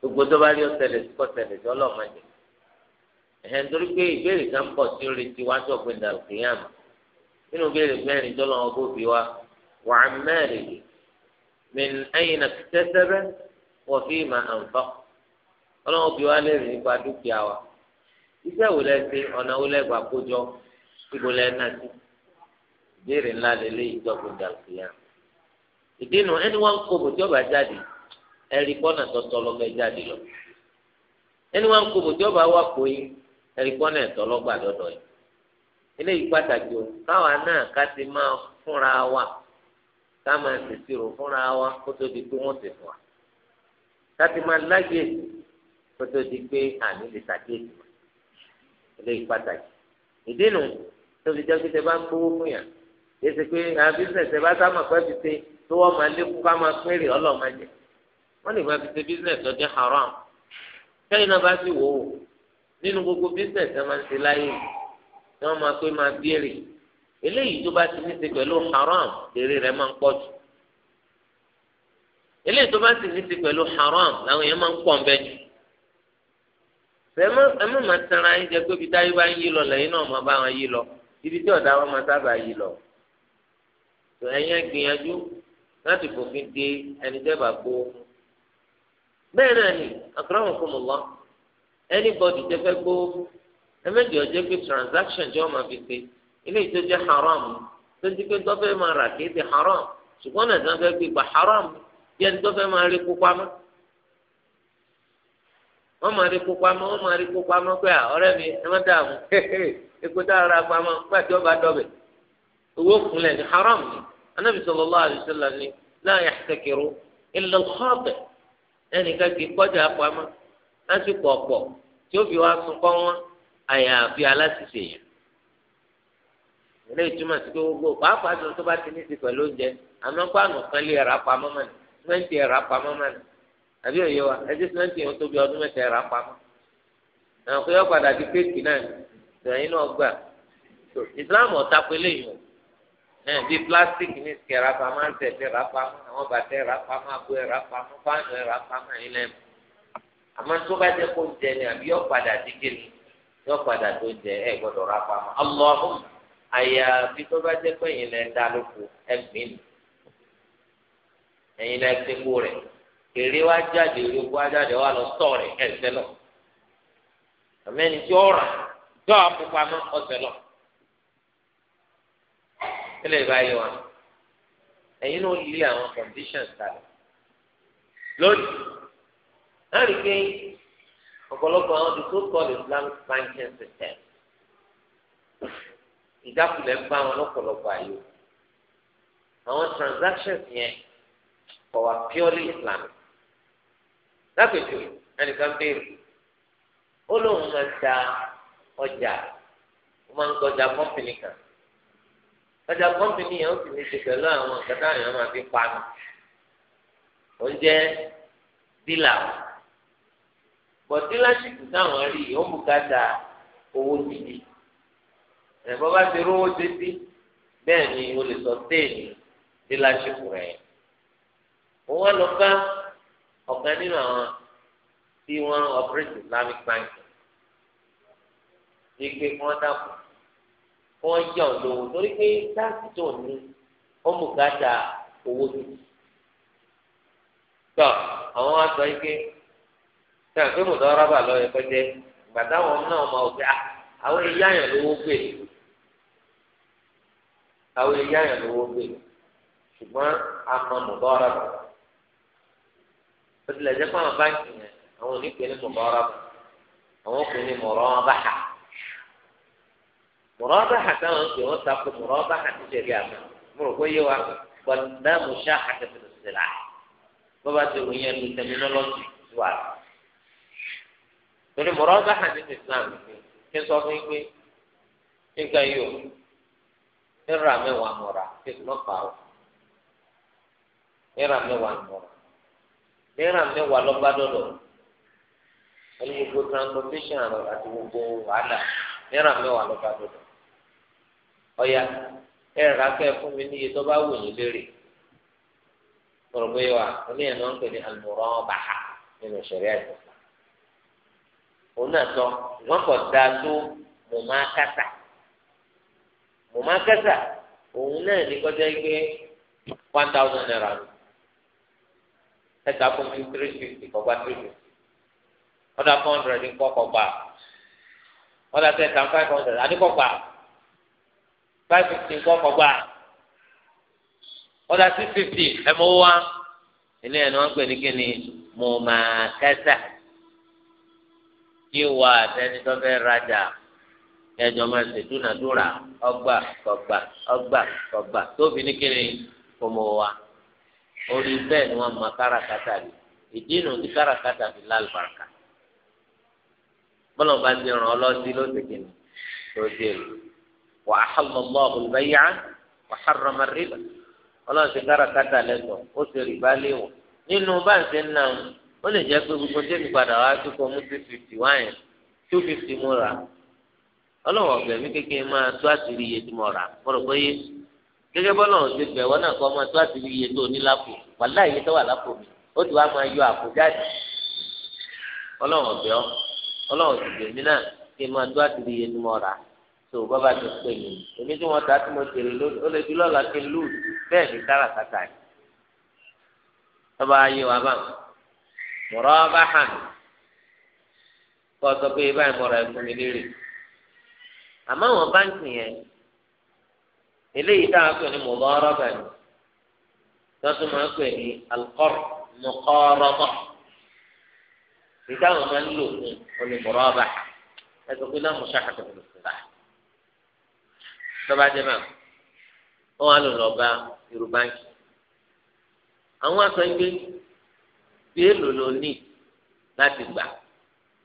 S1: gbogbo tó bá rí ọ̀sẹ̀lẹ̀ tó kọ̀sẹ̀lẹ̀ tó ọlọ́ọ̀ má jẹ pé ìbéèrè kan pọ̀ wá من أين اكتسب وفيما أنفق ọlọ́run bí wàá lérìn nípa dúkìá wa iṣẹ́ wo lẹ ṣe ọ̀nà wo lẹ gbà kójọ ibo lẹ náà sí ìbéèrè ńlá lélẹ́ ìjọba ìdàgbìyà ìdínú ẹni wọn kó bò tí ọba jáde ẹ̀rí pọ́nà tọ́tọ́ lọ́mọ ẹ jáde lọ ẹni wọn kó bò tí ọba wà pò yín ẹ̀rí pọ́nà ẹ̀tọ́ lọ́gbà dọ́dọ̀ yìí eléyìí pàtàkì o káwa náà ká ti máa fúnra wa ká máa tètè rò fúnra wa kó tó di pé wọ́n ti fún wa láti máa láyè kó tó di pé àní lè ṣàkíyèsí eléyìí pàtàkì ìdí nu tó fi jẹ́ pé tẹ bá ń gbowó fún yàn èsì pé àbísẹ̀ tẹ bá sá máa pẹ́ fi ṣe tó wọ́n máa lékún ká máa péré ọlọ́ọ̀má jẹ wọ́n lè máa fi ṣe bísíǹsì tó haram kẹ́yìn náà bá sì wò ó nínú gbogbo bísíǹsì tó máa ń ṣe láyè tí wọ́n máa pé máa bí èrè eléyìí tó bá ti ní ti pẹ̀lú haram èrè rẹ̀ máa ń pọ̀ jù eléyìí tó bá ti ní ti pẹ̀lú haram làwọn èèyàn máa ń pọ̀ nbẹ jù ẹ má máa tẹ̀ra yín jẹ pé ibi táyé bá ń yí lọ lẹ́yìn náà máa bá wọn yí lọ ibi tí ọ̀dà wọn máa sábà yí lọ tó ẹ̀yìn gbìyànjú láti fòfin de ẹni tẹ́ bá gbó bẹ́ẹ̀ náà ni àkàràwọ̀ fún mi lọ anybody tẹ́ fẹ́ gbó ẹ méjì ọ̀jẹ́ pé transaction jẹ́ ọmọ fi ṣe. ilé tó jẹ́ haram tó ti pé tọ́fẹ́ máa rà kìí ti haram ṣùgbọ́n náà fẹ́ gbé gba haram bí ẹni tọ́fẹ́ máa rí kó pamọ́ wọ́n máa rí kó pamọ́ wọ́n máa rí kó pamọ́ pé ọ̀rẹ́ mi ẹ má dààmú tá a ra pamọ́ pé àti ọba owó kunlẹ̀ ni haram ni anabi ni ilé ìtumọ̀ sí pé gbogbo pàápàá jọ tó bá ti ní ti pẹ̀lú oúnjẹ àmọ́ pàánù kan lè rà pamọ́ mọ́ni sìmẹ́ǹtì ẹ̀ rà pamọ́ mọ́ni àbí òye wa ẹjẹ sìmẹ́ǹtì yẹn tó bí ọdún mẹ́ta ẹ̀ rà àwọn kò yọ padà di kéèkì náà ìròyìn náà gbà Islam ọ̀tá pélé yìí o bí plastic ní sikẹ̀ rà pamọ́ àǹtẹ̀ ẹ̀ rà pamọ́ àwọn bàtà ẹ̀ rà pamọ́ àgbo ẹ̀ rà pamọ́ fáànù ẹ̀ rà Allahumma àyàfi tó bá jẹ́ pé ẹ̀yin lẹ dá lóko ẹ̀gbìn ẹ̀yin lẹ sẹ́kù rẹ̀ èrè wá jáde èrè wá jáde wá lọ sọ̀ rẹ̀ ẹ̀sẹ̀ lọ àmẹ́ni tí ó rà tó àpòpá mọ́ ọ̀sẹ̀ lọ kílẹ̀ báyìí wọn ẹ̀yin ló lé àwọn conditions kalẹ̀ lónìí láti gbé ọ̀pọ̀lọpọ̀ àwọn the so called Islamic banking system ìjákulẹ̀ ń bá wọn lọ́pọ̀lọpọ̀ àyè àwọn transactions yẹn for our purely Islam lápèjọ ẹnìkan béèrè ó lóun máa ń ta ọjà ó máa ń gbọjà kọ́mpìnì kan ọjà kọ́mpìnì yẹn ó sì ní ṣe pẹ̀lú àwọn nǹkan táwọn èèyàn máa fi panu ó ń jẹ́ dílà bọ̀ táwọn rí i ó ń bùkátà owó gidi ẹ̀fọ́ bá ti rówó títí bẹ́ẹ̀ ni o lè sọ téèlì dílàṣìpù rẹ̀ òun wá lọ bá ọ̀kan nínú àwọn tí wọ́n operate Islamic Bank, ìgbé kí wọ́n dàpọ̀ kí wọ́n yà ọ́ lówó torí pé táàsì tó ní ó mú gàdá owó tuntun tọ àwọn wa sọ yìí pé tí a fi mùtọ́ rábà lọ yẹ kọjá gbàtà wọn náà máa wọ pé ah, àwọn èèyàn lówó gbé àwọn ẹ̀yà yẹn lówó gbé ṣùgbọ́n àmọ́ mọ̀bára bọ̀ ó tilẹ̀ jẹ́ pé àwọn báńkì yẹn àwọn onípe ní mọ̀bára bọ̀ àwọn kò ní mọ̀rọ̀ wọn bá hà mọ̀rọ̀ bá hà táwọn ń pè wọ́n ta ko mọ̀rọ̀ bá hà títẹ̀ bí àná mo rò yé wa gbọ̀dá mo ṣá àtẹ̀tẹ̀ bọ́ba ti wù yẹn lu tẹminọ́lọ́jì wà torí mọ̀rọ̀ bá hà nínú Islam náírà mẹ́wàá mọ̀ra fèsì náà fà ó náírà mẹ́wàá mọ̀ra náírà mẹ́wàá lọ́gbà dọ̀dọ̀ ẹni gbogbo transportation àti gbogbo wàhálà náírà mẹ́wàá lọ́gbà dọ̀dọ̀ ọ̀ya ẹ̀ rà kẹ́ fún mi níye tó bá wù yín lérè ọ̀rọ̀ bóyá wa oníyẹn náà ń pè ní al-murabaha nínú ìṣẹ̀rí àìsàn òun náà sọ wọ́n kọ̀ dáa tó mọ̀ máa kàtà. mo máa kẹsà òun náà ní kọjá gbé one thousand naira ẹ̀ka fún mi three fifty kọ́gbá three fifty ọ̀dà four hundred ní kọ́ kọ́gbá ten thousand five hundred five fifty six fifty wá ilé ni pè ní kíni ẹjọ máa ṣe dúnadúrà ọgbà kọgbà ọgbà kọgbà tóbi ní kíni fọmọ wa orí bẹ́ẹ̀ ni wọ́n mọ káràkátà rí ìdí nu ti káràkátà fi lálùbáràkà bọ́lá bá ti ràn ọ́ lọ́sí lóṣù kìíní lóṣù èlò wa ahallallahu al-bay'a wa harrama ar-riba ọlọ́run ti káràkátà lẹ́tọ̀ ó ti rìbá léwọ̀ nínú báńkì náà ó lè jẹ́ pé gbogbo tẹ́lifípadà wa tó kọ́ mú two fifty wáyé two fifty múra ọlọ́run ọ̀fẹ́ mi kékeré máa tó àṣírí iye tí mo rà mo rò pé yé gẹ́gẹ́ bọ́lọ́run ti bẹ̀ wọ́n náà kọ́ máa tó àṣírí iye tó ní lápò wàhálà iye tó wà lápò mi ó ti wá máa yọ àpò jáde ọlọ́run ọ̀fẹ́ ọ ọlọ́run ti bẹ̀ mí náà kí n máa tó àṣírí iye tí mo rà tó bàbá ti pè mí èmi tí wọ́n ta tí mo tèrè ó lè dúró ọ̀la kí n lù bẹ́ẹ̀ ní káràkátà yìí bàbá ayé wa bá àmọ́ àwọn báńkì yẹn eléyìí tá a pè ní mọ̀lọ́rọ́bà ni tó tún máa pè ní alukọ́rọ̀ mọ̀kọ́rọ́bà ìdáhùn máa ń lò fún olùmọ̀rọ́bà ẹ̀sùn pé náà mo ṣàkàtà fún ìsìnlá tọ́ba jẹ́ báà wọ́n á lò bá irú báńkì àwọn ló ní láti gbà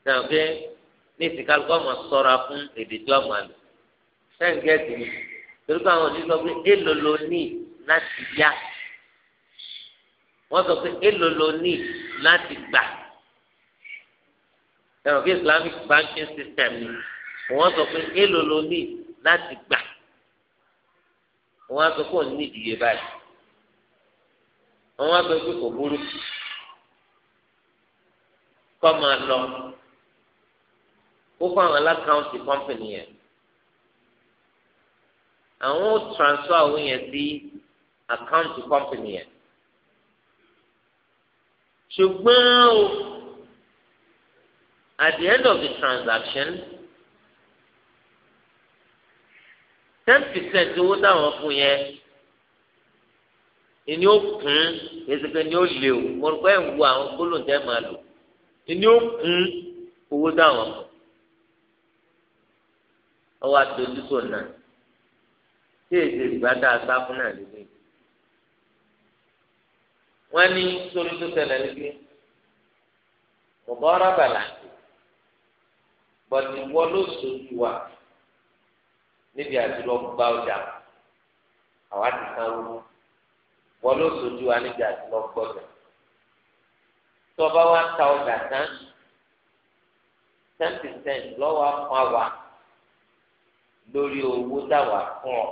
S1: náà ní ìsìnkálukọ́ ọmọ sọ́ra fún èdè tí ọmọ àlò sẹ́ǹgẹ́tì ni torí pé àwọn òní sọ pé èlò ló ní láti yá wọ́n sọ pé èlò ló ní láti gbà ẹ̀rọ bí Islamic banking system ni wọ́n sọ pé èlò ló ní láti gbà wọ́n sọ pé òní ìdíyẹ báyìí wọ́n sọ pé kò burú kọ́ máa lọ ó kó àwọn alákàǹtì kọ́mpìnì yẹn àwọn ó transfer owó yẹn sí àkáǹtì kọ́mpìnì yẹn ṣùgbọ́n o at the end of the transaction ten percent owó táwọn fún yẹn ìní ó kún ezeke ni ó lé o mo rò pé ń wo àwọn gbólóńtẹ́ máa lò ìní ó kún owó táwọn fún ọwọ́ adójútó náà tí èsì ìgbádà sáfún náà lélẹ̀ wọ́n ní sórí tó ṣẹlẹ̀ lélẹ̀ mọ̀bọ́rọ́ bàlàǹtì gbọ̀dì wọ́n ló sojú wa níbi àdúrà gba ọjà àwa ti sanwó wọ́n ló sojú wa níbi àdúrà gbọ́dọ̀ tọ́ba wa ta ọjà tán ten percent lọ́wọ́ fún àwa lórí owó táwa fún ọ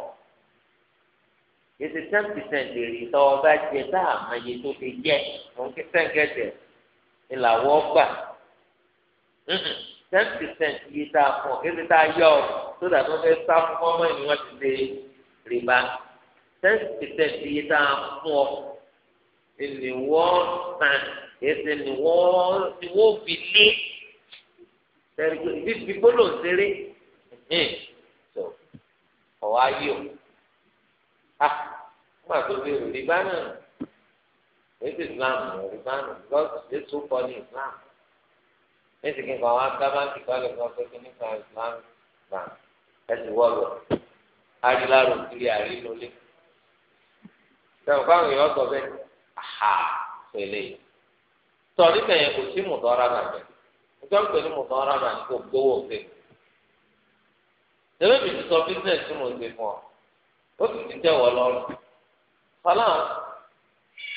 S1: èsì ten percent èrè tọ́wọ́ bá jẹ tá a máa yẹ tó fi jẹ òun kí sẹ́ńgẹ̀dẹ̀ ìlàwọ́ gbà ten percent iye tá a fún ọ èsì tá a yọ ọ tó dàtọ́ fẹ́ sá fún ọmọ ìní wọn ti ṣe rìbá ten percent iye tá a fún ọ ni wọ́n san èsì ni wọ́n fi lé fífi gbólóhùn ṣeré. Mm-hmm ọ̀wá yìí o a ah, wọ́n àti obìnrin rẹ̀ rìbá ètò islam rẹ̀ rìbá náà lọ́sì ètò kọ́ ní islam ètò kí n kàn wá sábàǹtì kọ́lẹ̀ kan pé kí n kàn islam gbà ẹ̀sìn wọ́ọ̀lù àríláàrò kiri àrílólé sẹ́wọ̀n káwọn èèyàn sọ bẹ́ẹ̀ àhà pẹ̀lẹ́ tọ̀rí bẹ̀yẹn kò sí mùtọ́ra nàbẹ̀ ìjọba pẹ̀lú mùtọ́ra nàbẹ̀ kò gbówó pẹ̀lú tẹ́lẹ̀ mi ti sọ business tí mo gbé fún ọ ó sì ti tẹ̀wọ̀ lọ́rùn fọlá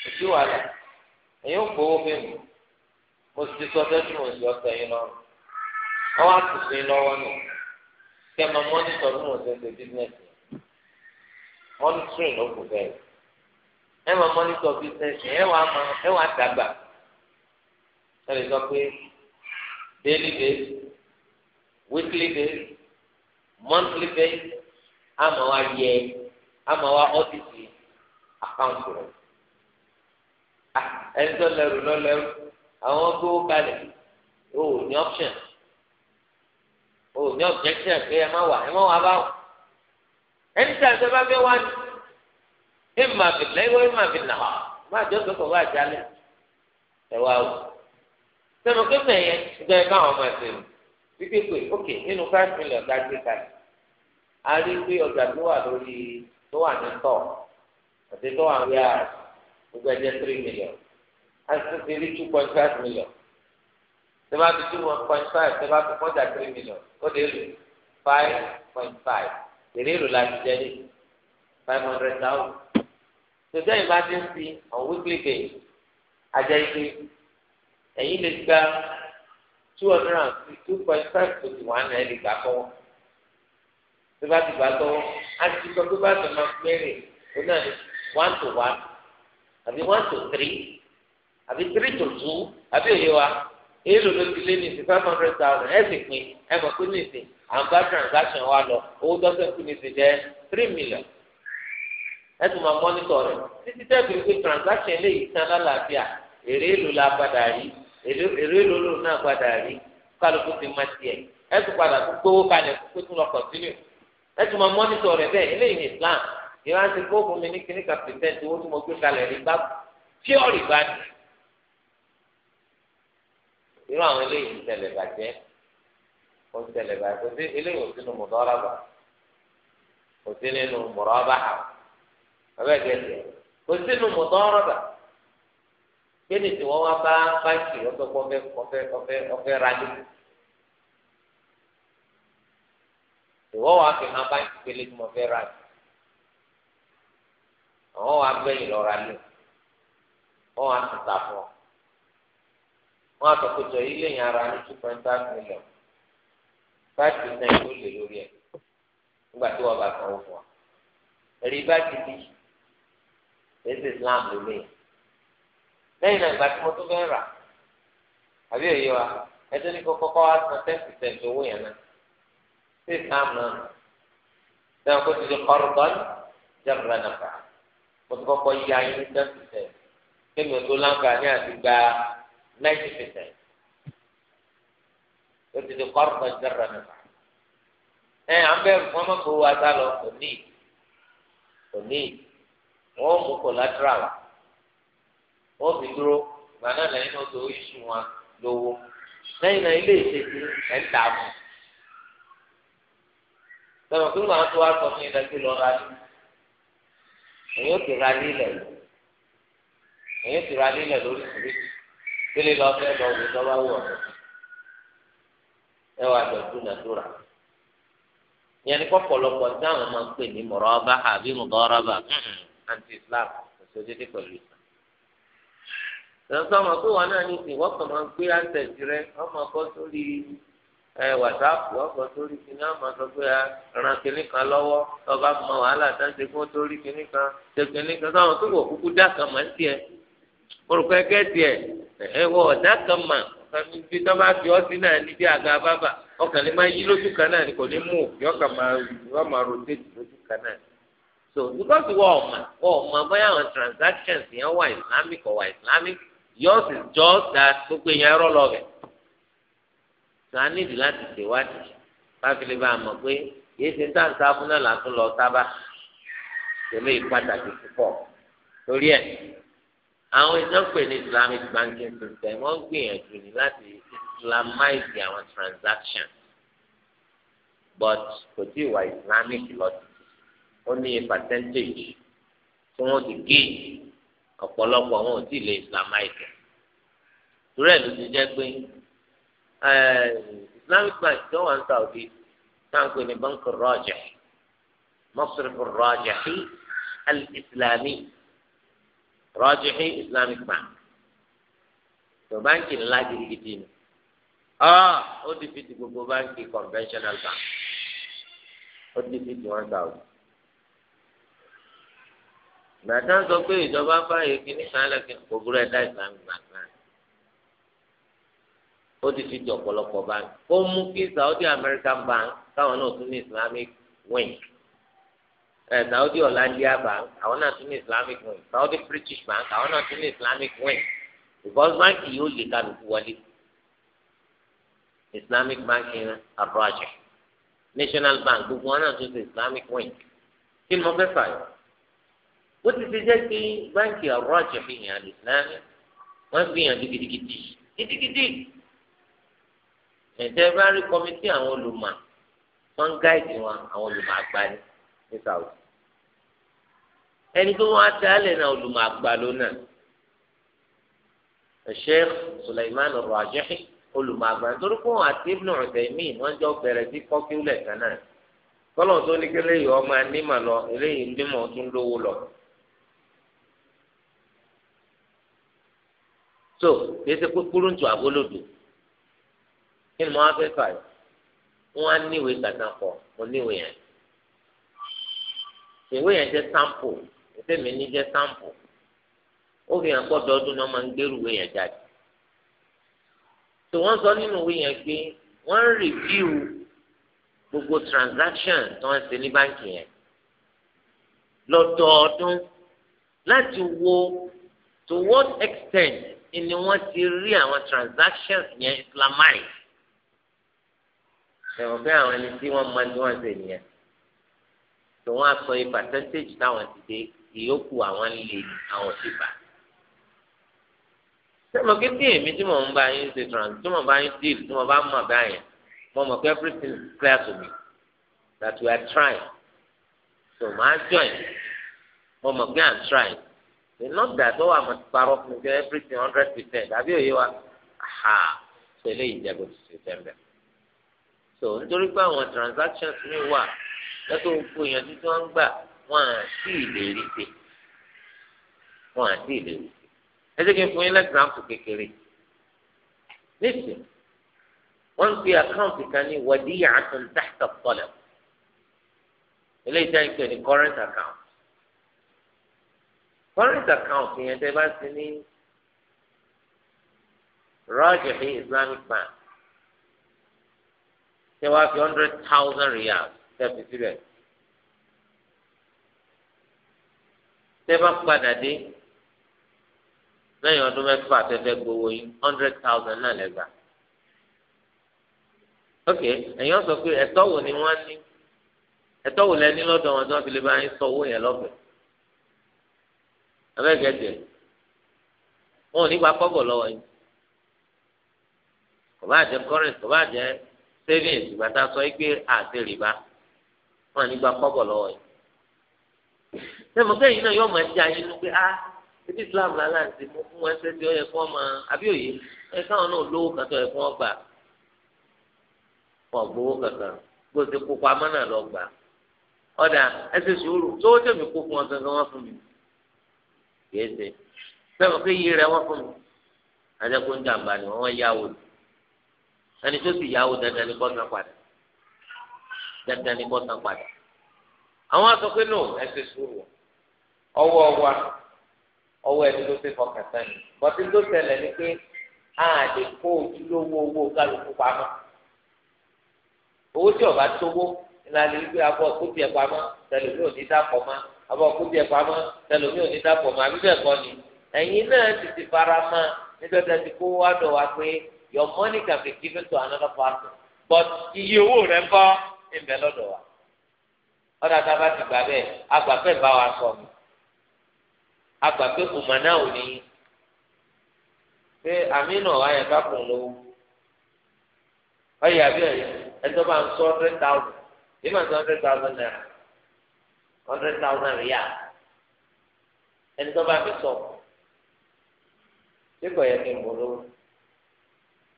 S1: òsì wàhálà ẹ̀yin ò gbowó fún mi mo sì ti sọ tẹ́lẹ̀ tí mo sì ọ̀sẹ̀ yín lọ́rùn wọ́n wá kù sí lọ́wọ́ nù kẹ́ mọ mọ́nítọ̀ bí mo ṣe ṣe business monitoring ló kù bẹ́ẹ̀ ẹ mọ mọ́nítọ̀ business ẹ wàá mọ ẹ wàá dàgbà ẹ lè sọ pé daily days weekly days monthly pay ama wa yẹ ama wa ọfiisi account rẹ ẹni tó lẹrù lọ lẹrù àwọn gbówó kalẹ̀ o ní option o ní objection pé ẹ má wà ẹ má wà báwò ẹni tí a sọ bá fẹ́ wá ní ẹ má fi lẹ́wọ́ ẹ má fi nà á má jọ sọkọ̀ wá jálẹ̀ ẹ wá o sẹ́nu kí mẹ́yẹ gbẹ káwọn máa ṣe o wípé pé ok nínú five million tá a gbé kalẹ̀ a rí pé ọjà tó wà lórí tó wà ní tọ̀ àti tó wà ní ààrẹ gbogbo ẹ̀jẹ̀ three million a sì ti rí two point five million tí wọ́n ti two point five tí wọ́n ti kọjá three million ó dé lù five point five èrè lò láti jẹ́ ní five hundred thousand tòjá ìbá ti ń fi on weekly pay, ajá ike ẹ̀yin lè gba two hundred and two point five to one náà lè gbà tọwọ́ tó bá ti gbà tọwọ́ a sọ pé bá ti máa pẹ́rẹ́ o náà ní one to one àbí one to three àbí three to two àbí òye wa èyí ló ló ti lé ní sí five hundred thousand ẹ sì pin ẹ mọ̀ pé ní ìsìn à ń bá transaction wa lọ owó dọ́sẹ̀ kú ní ìsìn jẹ́ three million ẹ tún máa mọ́nítọ̀ rẹ̀ títí tẹ́ẹ̀bù pé transaction lè yí tán lálàáfíà èrè èlò la padà yìí èrè lòlò náà padà rí kálukú ti má tiẹ̀ ẹ tún padà tó gbowó kalẹ̀ kó tún lọ kọ̀tínú ẹ tún máa mọ́nítọ̀ rẹ̀ bẹ́ẹ̀ eléyìí ní Islam ìran ti kó fún mi ní kíní ka pẹ̀sẹ̀ntì owó tí mo gbé kalẹ̀ rí bá píọ̀rì bá ní. irú àwọn eléyìí ń tẹ̀lẹ̀ bàjẹ́ ó ń tẹ̀lẹ̀ bàjẹ́ kò sí eléyìí ò sínú mùdọ́rọ̀bà kò sí nínú mùrọ́bà àbẹ̀gẹ̀dẹ̀ kò sínú mùdọ́rọ̀bà kéde tí wọ́n wá bá báńkì ọ̀fẹ́ ọ̀fẹ́ ọ̀fẹ́ ọ̀fẹ́ ọ̀fẹ́ rálé ìwọ wà fi hàn báńkì pélé tí mo fẹ́ rálé àwọn wà gbẹ̀yìn lọ rálé wọ́n wà tún tà fún ọ wọ́n àtọ̀kùtọ̀ yìí lẹ́yìn ara ní two point five million five percent ló lè lórí ẹ̀ nígbà tí wọ́n bá sanwó fún ọ rí báńkì bí ẹsẹ̀ Islam ló lẹ́yìn náà ìgbà tí mo tún fẹ́ rà àbí òye wa ẹjọ́ ní kókó kọ́ wá san ten percent owó yẹn náà sí islam náà sẹ́wọ̀n kó ti di kọ́rọ̀dọ́n jẹ́bùrẹ́ nàfà mo ti kọ́kọ́ yí ayé ní ten percent kémi tó láǹfààní àti gba ninety percent ó ti di kọ́rọ̀dọ́n jẹ́bùrẹ́ nàfà ẹ à ń bẹ̀rù fún ọmọkùnrin wa sálọ kò ní kò ní wọn ò mú kò wa. wọ́n fi dúró gbaná lẹ́yìn náà tó iṣu wọn lówó lẹ́yìn náà ilé ìṣèjì ẹ̀ ń tà mọ́ lọ́wọ́ kí wọ́n tó wá sọ fún ilẹ̀ tí lọ́ọ́ ra ní èyí ti ra èyí ti ra lórí kí lọ fẹ́ lọ wò lọ́wọ́ wò ọ̀dọ̀ ẹ wà tó rà ìyẹn ọba àbí mọ̀rọ̀ ọba àti lọ́sọ̀ ma pé wọn náà ní ìsìn wọ́n kàn máa ń gbé àǹtẹ̀tì rẹ wọ́n máa kọ́ sórí wàsáàpù sórí ran kan lọ́wọ́ ọba mọ wàhálà tá ṣe fún torí kíní kan ṣe kíní kan sọ́wọ́n tó wọ̀ kúkú dá kan máa ń tiẹ̀ orúkọ ẹgẹ́ tiẹ̀ ẹ wọ ọ̀dá kan mà bá fi ọtí náà ní bí àga bábà ọkàn lè máa yí lójú ni kò ní mú ọkàn so because wọ́n ọ̀mà wọ́n ọ̀mà bóyá àwọn yours is just that gbogbo èèyàn ẹ̀rọ lọ bẹ̀ tó a nídìí láti ṣèwádìí báfílẹ̀ bá a mọ̀ pé yéé ṣe ń tà ń sáfún náà látún lọ sábà tẹ̀lé ìpàtàkì púpọ̀ lórí ẹ̀ àwọn ìjọpẹ ní islamic banking system wọ́n gbìyànjú ní láti islamize àwọn transaction but kò tí ì wà islamic lọ ó ní percentage tí wọ́n ti gé ọ̀pọ̀lọpọ̀ wọn ò tí ì lè islamize torí ẹ̀ ló ti jẹ́ pé eh, islamic bank tó wà ní saudi táǹkì ní bank rọjà masrif rọjà sí alislami rọjà sí islamic bank tó báńkì ńlá gidigidi ni ah, ó di fi ti gbogbo báńkì conventional bank ó di fi ti wọn saudi gbàtà sọ pé ìjọba báyìí kìíní kan lẹ́kìn kò burú ẹ̀dá ìsàmì gbàgbà ó ti fi jọ ọ̀pọ̀lọpọ̀ báńkì ó mú kí Saudi American Bank káwọn náà tún ní Islamic wing ẹ Saudi Hollandia Bank àwọn náà tún ní Islamic wing Saudi British Bank àwọn náà tún ní Islamic wing because báńkì yóò lè kálukú wọlé Islamic banking abroad National Bank gbogbo wọn náà tún ní Islamic wing kí ni mo fẹ́ fà yọ bó ti ṣe jẹ́ pé báńkì ọ̀rọ̀ àjẹfihàn àlìsílámì wọ́n gbìyànjú gidigidi gidigidi ẹ̀jẹ̀ bá rí kọ́mítì àwọn olùmọ̀ wọ́n ń gáìdì wọn àwọn olùmọ̀ àgbà ní ní Saudi ẹni tó wọ́n á ti alẹ́ náà olùmọ̀ àgbà ló náà Sheikh Sulaiman Rajihi olùmọ̀ àgbà nítorí pé wọn àti Ibn Uthaymeen wọ́n jọ bẹ̀rẹ̀ sí kọ́kílẹ̀ kan náà kọ́lọ̀ tó ní kí eléyìí ọmọ anímọ̀ lọ eléyìí ń bímọ tún lówó lọ. so kìí ṣe kúkúrú ń tu àbólòdò kí ni mo wá fẹ́ fà yìí wọ́n á níwèé gàdá kọ mo níwèé yẹn ìwé yẹn jẹ́ sampo ìfẹ́ mi ní jẹ́ sampo ó fi hàn gbọ́dọ̀ ọdún náà máa ń gbèrú ìwé yẹn jáde tí wọ́n sọ nínú ìwé yẹn pé wọ́n ń rìvíw gbogbo transaction tí wọ́n ṣe ní báǹkì yẹn lọ́dọọdún láti wo to what extent ni wọ́n ti rí àwọn transactions yẹn islamized ṣẹ̀wọ̀n bẹ́ẹ̀ àwọn ẹni tí wọ́n máa ń tí wọ́n ṣe nìyẹn tó wọ́n á sọ iye percentage táwọn ti dé ìyókù àwọn lè àwọn ti bà. sẹ́wọ̀n kí bí èmi tí mò ń bá yín ṣe trans tí mò ń bá yín deal tí mo bá mọ̀ báyẹn mo mọ̀ pé everything is clear to me that we are trying so màá join mo mọ̀ pé I'm trying ìnọ́dà tó wà mọ̀ ti parọ́ fún mi everything hundred percent àbí òye wa ha ṣe eléyìí jẹ́gbẹ́ tó ṣe fẹ́ so nítorí pé àwọn transactions mi wà lọ́tọ̀ gbogbo ìyànjú tí wọ́n ń gbà wọ́n á sí ìlérí pé wọ́n á sí ìlérí pé. ẹ jẹ́ kí n fún yín lẹ́gbàmpù kékeré nísìn wọ́n ń pe àkáǹtì kan ní wàdíyà àtúntàtà pọ̀lẹ̀ eléyìí jẹ́ ìpè ní current account current account yẹn tẹ́ bá sí ní Rajihi Islamic Bank tẹ́ wá fi hundred thousand riyal tẹ́ fi síbẹ̀ tẹ́ bá padà dé lẹ́yìn ọdún mẹ́fà tẹ́ fẹ́ gbowó yín hundred thousand náà lẹ́gbàá ok ẹ̀yin sọ pé ẹ̀tọ́ wo ni wọ́n ní ẹ̀tọ́ wo lẹ́ni lọ́dọ̀ wọn tí wọ́n fi lè bá yín sọ owó yẹn lọ́fẹ̀ẹ́ abẹ́gẹ́dẹ́ wọn ò ní gba kọ́bọ̀ lọ́wọ́ yìí kò bá jẹ current kò bá jẹ savings ìgbà tá a sọ pé àti rìbá wọn ò ní gba kọ́bọ̀ lọ́wọ́ yìí sẹ́mu kẹ́yìn náà yóò máa jẹ́ ayé nu pé a ah, ebi Islam lálá ti mú fún ẹsẹ̀ tí ó yẹ fún ọmọ àbí òye ẹ káwọn náà lówó kan tó fún ọgbà wọn gbowó kankan bó kó pamọ́ náà lọ gbà ọ̀dà ẹsẹ̀ sùúrù tó tẹ̀mí kó fún ọ kìí ṣe sẹ́wọ̀n kí iye rẹ̀ wọ́n fún mi adẹ́kùn jàǹbá ni wọ́n yáwó ẹni tó sì yáwó dandan ni bọ́sán padà dandan ni bọ́sán padà àwọn aṣọ pé nù ẹ ṣe sùúrù ọwọ́ wa ọwọ́ ẹni ló ṣe fọkàn tán ni bọ́tí ló ṣẹlẹ̀ ni pé a lè kó ojúlówó owó kálukú pamọ́ owó tí ọba tówó ìlànà ìgbé abọ́ tó tiẹ̀ pamọ́ tẹlifíò ní dàpọ̀ máa àbọ̀ kúti ẹ̀ pamọ́ tẹlomi ò ní dàpọ̀ mọ́ àbí bẹ́ẹ̀ kọ́ ni ẹ̀yin náà ti ti fara mọ́ nítorí ẹ ti kó wá dọ̀ wá pé your money can be given to another person but iye owó rẹ̀ ń kọ́ ìbẹ̀ lọ́dọ̀ wa ọ̀dà tá a bá ti gbà bẹ́ẹ̀ agbàfẹ́ bá wa sọ mi agbàfẹ́ kò mọ̀ náà ò ní pé àmì náà wáyà ká kùn lówó ọ̀yà bí ẹ̀yẹ ẹ̀dọ́ bá ń sọ hundred thousand ìmọ̀ sọ hundred thousand naira hundred thousand riyal ẹni tó bá fi sọ ṣé kò yẹ kí n bolo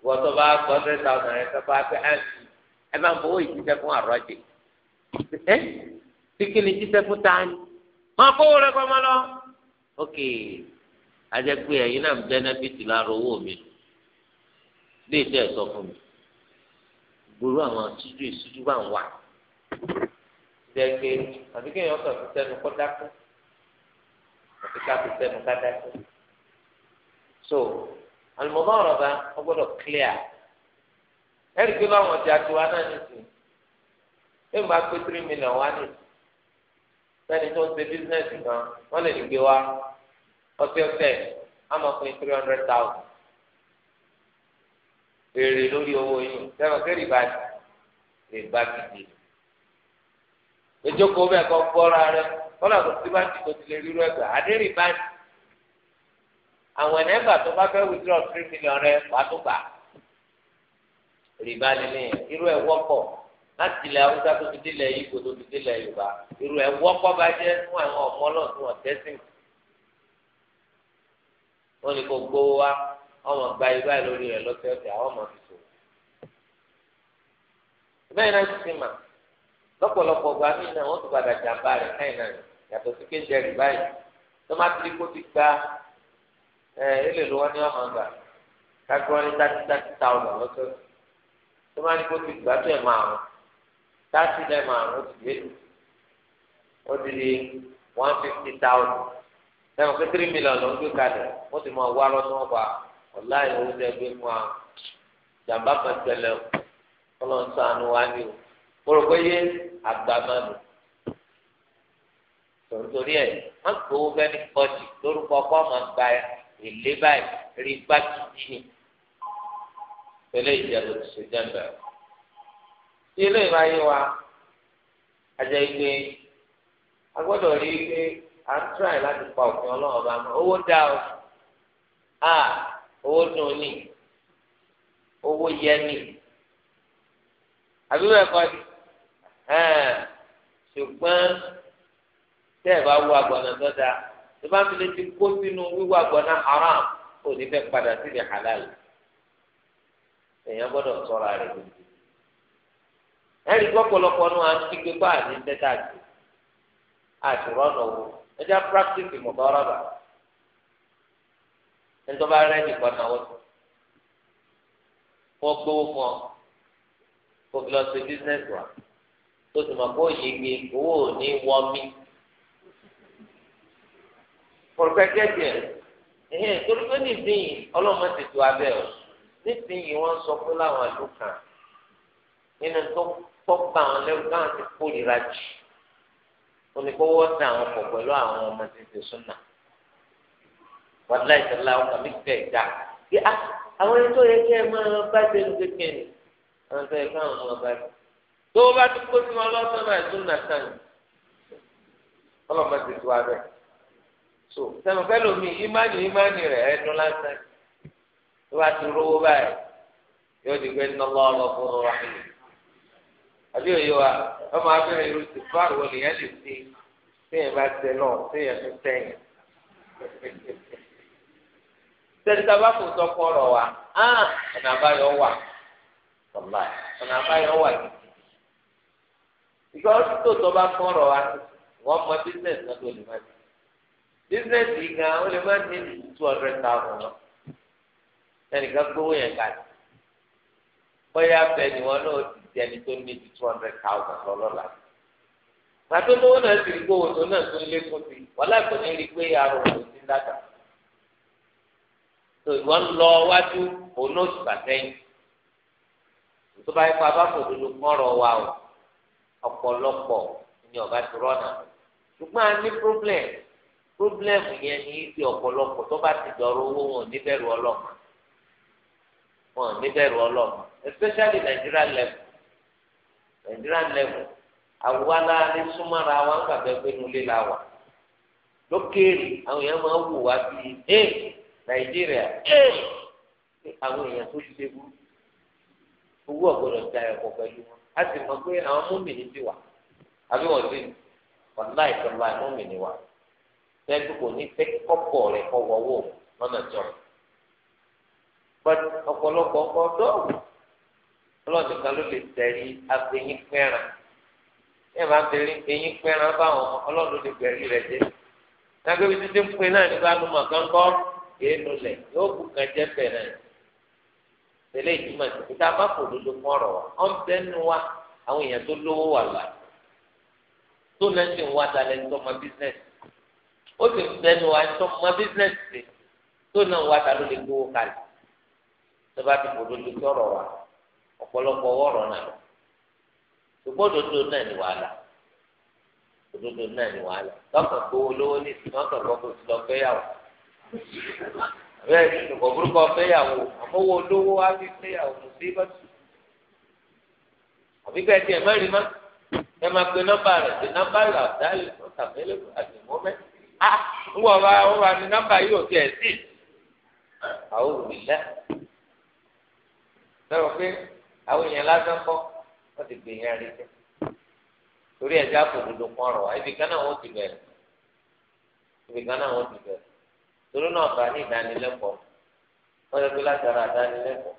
S1: wọ́n tó bá gbọ́ hundred thousand rẹ̀ tó bá fi àǹtí ẹ máa ń bọ́ òyìn jíṣẹ́ fún àrọ́jì ẹ tí kí ni jíṣẹ́ fún tání máa kó wọlé kọ́ lọ. ok ajẹ́pẹ́ ẹ̀yin náà ń bẹ́nẹ́fìtì lára owó mi lè tẹ́ ẹ̀ sọ fún mi gbòòrò àwọn síjú ìsújú bá ń wà jẹ́ pé àfi kéèyàn kàn fi sẹ́nu kó dákú àfi ká fi sẹ́nu ká dákú so àlùmọ́bá ọ̀rọ̀ bá wọ́n gbọ́dọ̀ clear ẹ̀rí pé báwọn ọ̀jà tiwa náà nìsín ẹ̀ ń bá pé three million wá nìsín sẹ́ni tó ń ṣe bísíǹnẹ̀sì kan wọ́n lè gbé wá ọ̀sẹ̀ ọ̀sẹ̀ á máa pín three hundred thousand èrè lórí owó yìí sẹ́wọ̀n kẹ́rì bá rè bá gidi ìjókòó bẹ́ẹ̀ kọ́ gbọ́ra rẹ kọ́lá kò sí báńkì tó ti lè rírọ ẹgbẹ́ àdéhìn báńkì àwọn ẹ̀nẹ́gbà tó bá fẹ́ withdraw three million rẹ wàá tó gbà rìbá lélẹ̀ irú ẹ̀ wọ́pọ̀ láti ilẹ̀ haúsá tó ti délẹ̀ ibo tó ti délẹ̀ yorùbá irú ẹ̀ wọ́pọ̀ bá jẹ́ fún àwọn ọmọ náà tí wọ́n tẹ́sìn wọ́n ní kó gbówó wá ọmọ gba ibà lórí rẹ̀ lọ́sẹ̀ọ̀sẹ̀ àwọn ọmọ fi sòrò bẹ́ẹ̀ náà ti ti mà lọ́pọ̀lọpọ̀ gba mí náà wọ́n ti padà jàmbá rẹ̀ káyìn náà yàtọ̀ sí kéjẹ rì báyìí tọ́mátì kó ti gba ẹ èlé ló wọ́n ní ọmọ gbà kágbọ́n ní thirty thirty thousand lọ́sọ̀ tọ́mátì kó ti gba tó ẹ̀ máa rún thirty ẹ̀ máa rún ó ti gbé lù ó ti di one fifty thousand lẹ́yìn pé three million ló ń gbé kalẹ̀ wọ́n ti máa wá lọ́sọ̀ wọn bá ọ̀la ìhòòhò tẹ́ gbé fún wa jàmbá kan tẹ̀lé ọlọ́run sànù wá ní o mo rò pé yé agbámánu tòǹtòrí ẹ wọn gbowó bẹni pọtì lórúkọ kọ ọmọ gba èlé báyìí rí gbájú yìí pẹlẹ ìjẹbù tó ṣe jẹmbẹ tí ilé ìbáyé wa ajẹ́ ike a gbọ́dọ̀ rí ike à ń tíráì láti pa òfin ọlọ́run ọba mọ́ owó dá o a owó dùn ní owó yẹ ní àbí bẹ́ẹ̀ kọ́ ni. ṣùgbọ́n tẹ́ ẹ bá wú agbọ̀nà sọ́dà tó bá fi ti kó sínú wíwú agbọ̀nà haram ò ní fẹ́ padà síbi halal èèyàn gbọ́dọ̀ sọ́ra rẹ̀ lójú. ẹ̀rí gbọ́pọ̀lọpọ̀ ní wa ń kígbe bá àdín tẹ́tà jù àti rọ́nà owó ẹja practice mọ̀tọ́rọ̀bà ẹ̀ńtọ́ba rẹ̀ nìkan náà wọ́n gbowó fún ọ kó fi lọ sí business wa. tó sì mọ̀ kó yege owó ò ní wọ́ mí. pọ̀rọ̀fẹ́kẹ́tì ẹ̀ ẹ̀hìn torí pé nísìnyí ọlọ́mọ ti tu abẹ́ ọ̀ nísìnyí wọ́n sọ pé láwọn àlù kan nínú tó tọ́gbà àwọn lẹ́rú káwọn ti kórìíra jù oníkówó tẹ àwọn pọ̀ pẹ̀lú àwọn ọmọ títí súnà wàláì sọlá ọkàn mi fẹ́ dà bí àwọn ẹni tó yẹ kí ẹ máa bá ṣe ní kékeré àwọn tó yẹ káwọn máa bá ṣe. tó o bá ti kó sí wọn lọ́sọ̀nà ẹ̀sùn nàkàn yìí ọlọ́mọ ti tu abẹ so sẹ́mi fẹ́lẹ́ omi ìmánì ìmánì rẹ̀ ẹ̀dùn lásán tó bá ti rówó báyìí yóò di pé nọlọ ọlọ́fún ọ̀rọ̀ àyè àbí òye wa ọmọ abẹ́rẹ́ irú ti fún àwọn lè bá tẹ náà sẹ́ni a wa ọ̀nà àbáyọ wà ọ̀nà àbáyọ wà ìgbà ọdún tó tọ́ bá kọ́rọ̀ wa wọ́n mọ business náà tó lè má di business yìí gan ó lè má di two hundred thousand lọ ẹnìkan gbówó yẹn ká ní bóyá bẹ́ẹ̀ ni wọn náà ti di ẹni tó ní ju two hundred thousand lọ lọ́la pàtó lówó náà sì rí gbówó tó náà tó lékún sí wọn láìpẹ́ ní rí pé àrùn kò sí dáadáa tó ìwọ lọ wájú òun náà sì bàtẹ́yìn tó bá yẹ kó a bá fòdodo kọ́rọ̀ wa o ọ̀pọ̀lọpọ̀ ni ọba ti rọ́nà ṣùgbọ́n a ní problem problem yẹn ni ibi ọ̀pọ̀lọpọ̀ tó bá ti dọ̀rọ̀ owó wọn ò ní bẹ̀rù ọlọ́mọ wọn ò ní bẹ̀rù especially Nigeria level Nigeria level àwa la ní súnmọ́ra wa ń gbàgbé pé nulẹ̀ la wà lókèèrè àwọn èèyàn máa wù wá bíi ẹ Nàìjíríà ẹ àwọn èèyàn tó ṣe burú owó ọ̀gbọ́dọ̀ ta ẹ̀kọ́ pẹ̀lú wọn. a sì mọ̀ pé àwọn mọ́mìnì ti wà àbí wọ́n ti wọ́n láì tó láì mọ́mìnì wà sẹ́ńtù kò ní fẹ́ kọ́pọ̀ rẹ̀ kọ́ wọ́wọ́ lọ́nà jọ. ọ̀pọ̀lọpọ̀ ọ̀dọ́ ọlọ́dún kan ló lè tẹ̀lé agbẹ̀yìn pẹ́ràn ẹ máa ń tẹ̀lé eyín pẹ́ràn báwọn ọlọ́dún lè bẹ̀rẹ̀ rẹ̀ jẹ́. nàgbẹ́bí títí ń pin náà nígbà tó mọ̀ yóò tẹlẹ ìtumọ̀ ìtòkè tá a bá kò dodo fún ọ̀rọ̀ wa ọ̀n bẹ́ẹ̀ nu wa àwọn èèyàn tó lówó wà láì tó náà sì ń wá talẹ̀ ní tọ́mọ bísínẹ́sì
S2: ó sì ń bẹ́ẹ̀ nu wa ní tọ́mọ
S1: bísínẹ́sì sí tó náà ń wá talẹ̀ lè gbowó kalẹ̀ tó bá ti kò dodo fún ọ̀rọ̀ wa ọ̀pọ̀lọpọ̀ ọ̀rọ̀ náà ṣùgbọ́n òdodo náà ni wàhálà òdodo náà ni wàhálà lọ́kàn gbowó lówó ní ìsìn
S2: bẹ́ẹ̀ ni kò burúkọ fẹ́yàwó
S1: àmọ́wó olówó á fi fẹ́yàwó sí bàtú àbí ká ẹtì ẹ má rí má ẹ má pe nọ́mbà rẹ pé nọ́mbà rẹ àdáyé ló tàbílẹ àti mọmẹ á wọn bá wọn bá ní nọ́mbà yìí ò tí ẹ sí àwọn òrìlẹ lọrọ pé àwọn èèyàn lásán kọ wọn ti gbìyànjú àríkẹ torí ẹjẹ àpòdodo kan rọ ibi kan wọn ti bẹ̀rẹ̀ ibi kan wọn ti bẹ̀rẹ̀ torí náà bá ní ìdánilẹ́kọ̀ọ́ wọ́n yẹ pé látara ìdánilẹ́kọ̀ọ́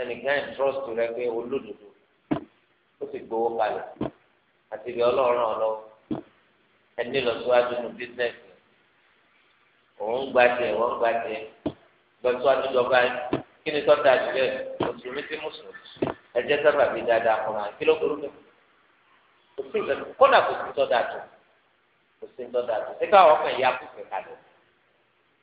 S1: ẹnìkan ẹ̀ trust rẹ pé olódodo ó sì gbowó kalẹ̀ àti ibi ọlọ́run ọlọ́ ẹni lọ síwájú nu bísíǹsì òun gba tiẹ̀ wọ́n gba tiẹ̀ lọ síwájú dọ́gba kí ni tọ́ta àtúbẹ̀ mùsùlùmí sí mùsùlùmí ẹ̀jẹ̀ sábà bíi dáadáa fúnra kí ló burú bẹ́ẹ̀ kò sí ìgbà kọ́nà kò sí tọ́da tó kò sí tọ́da tó ṣé káwọn ọkàn yà kó kalẹ̀.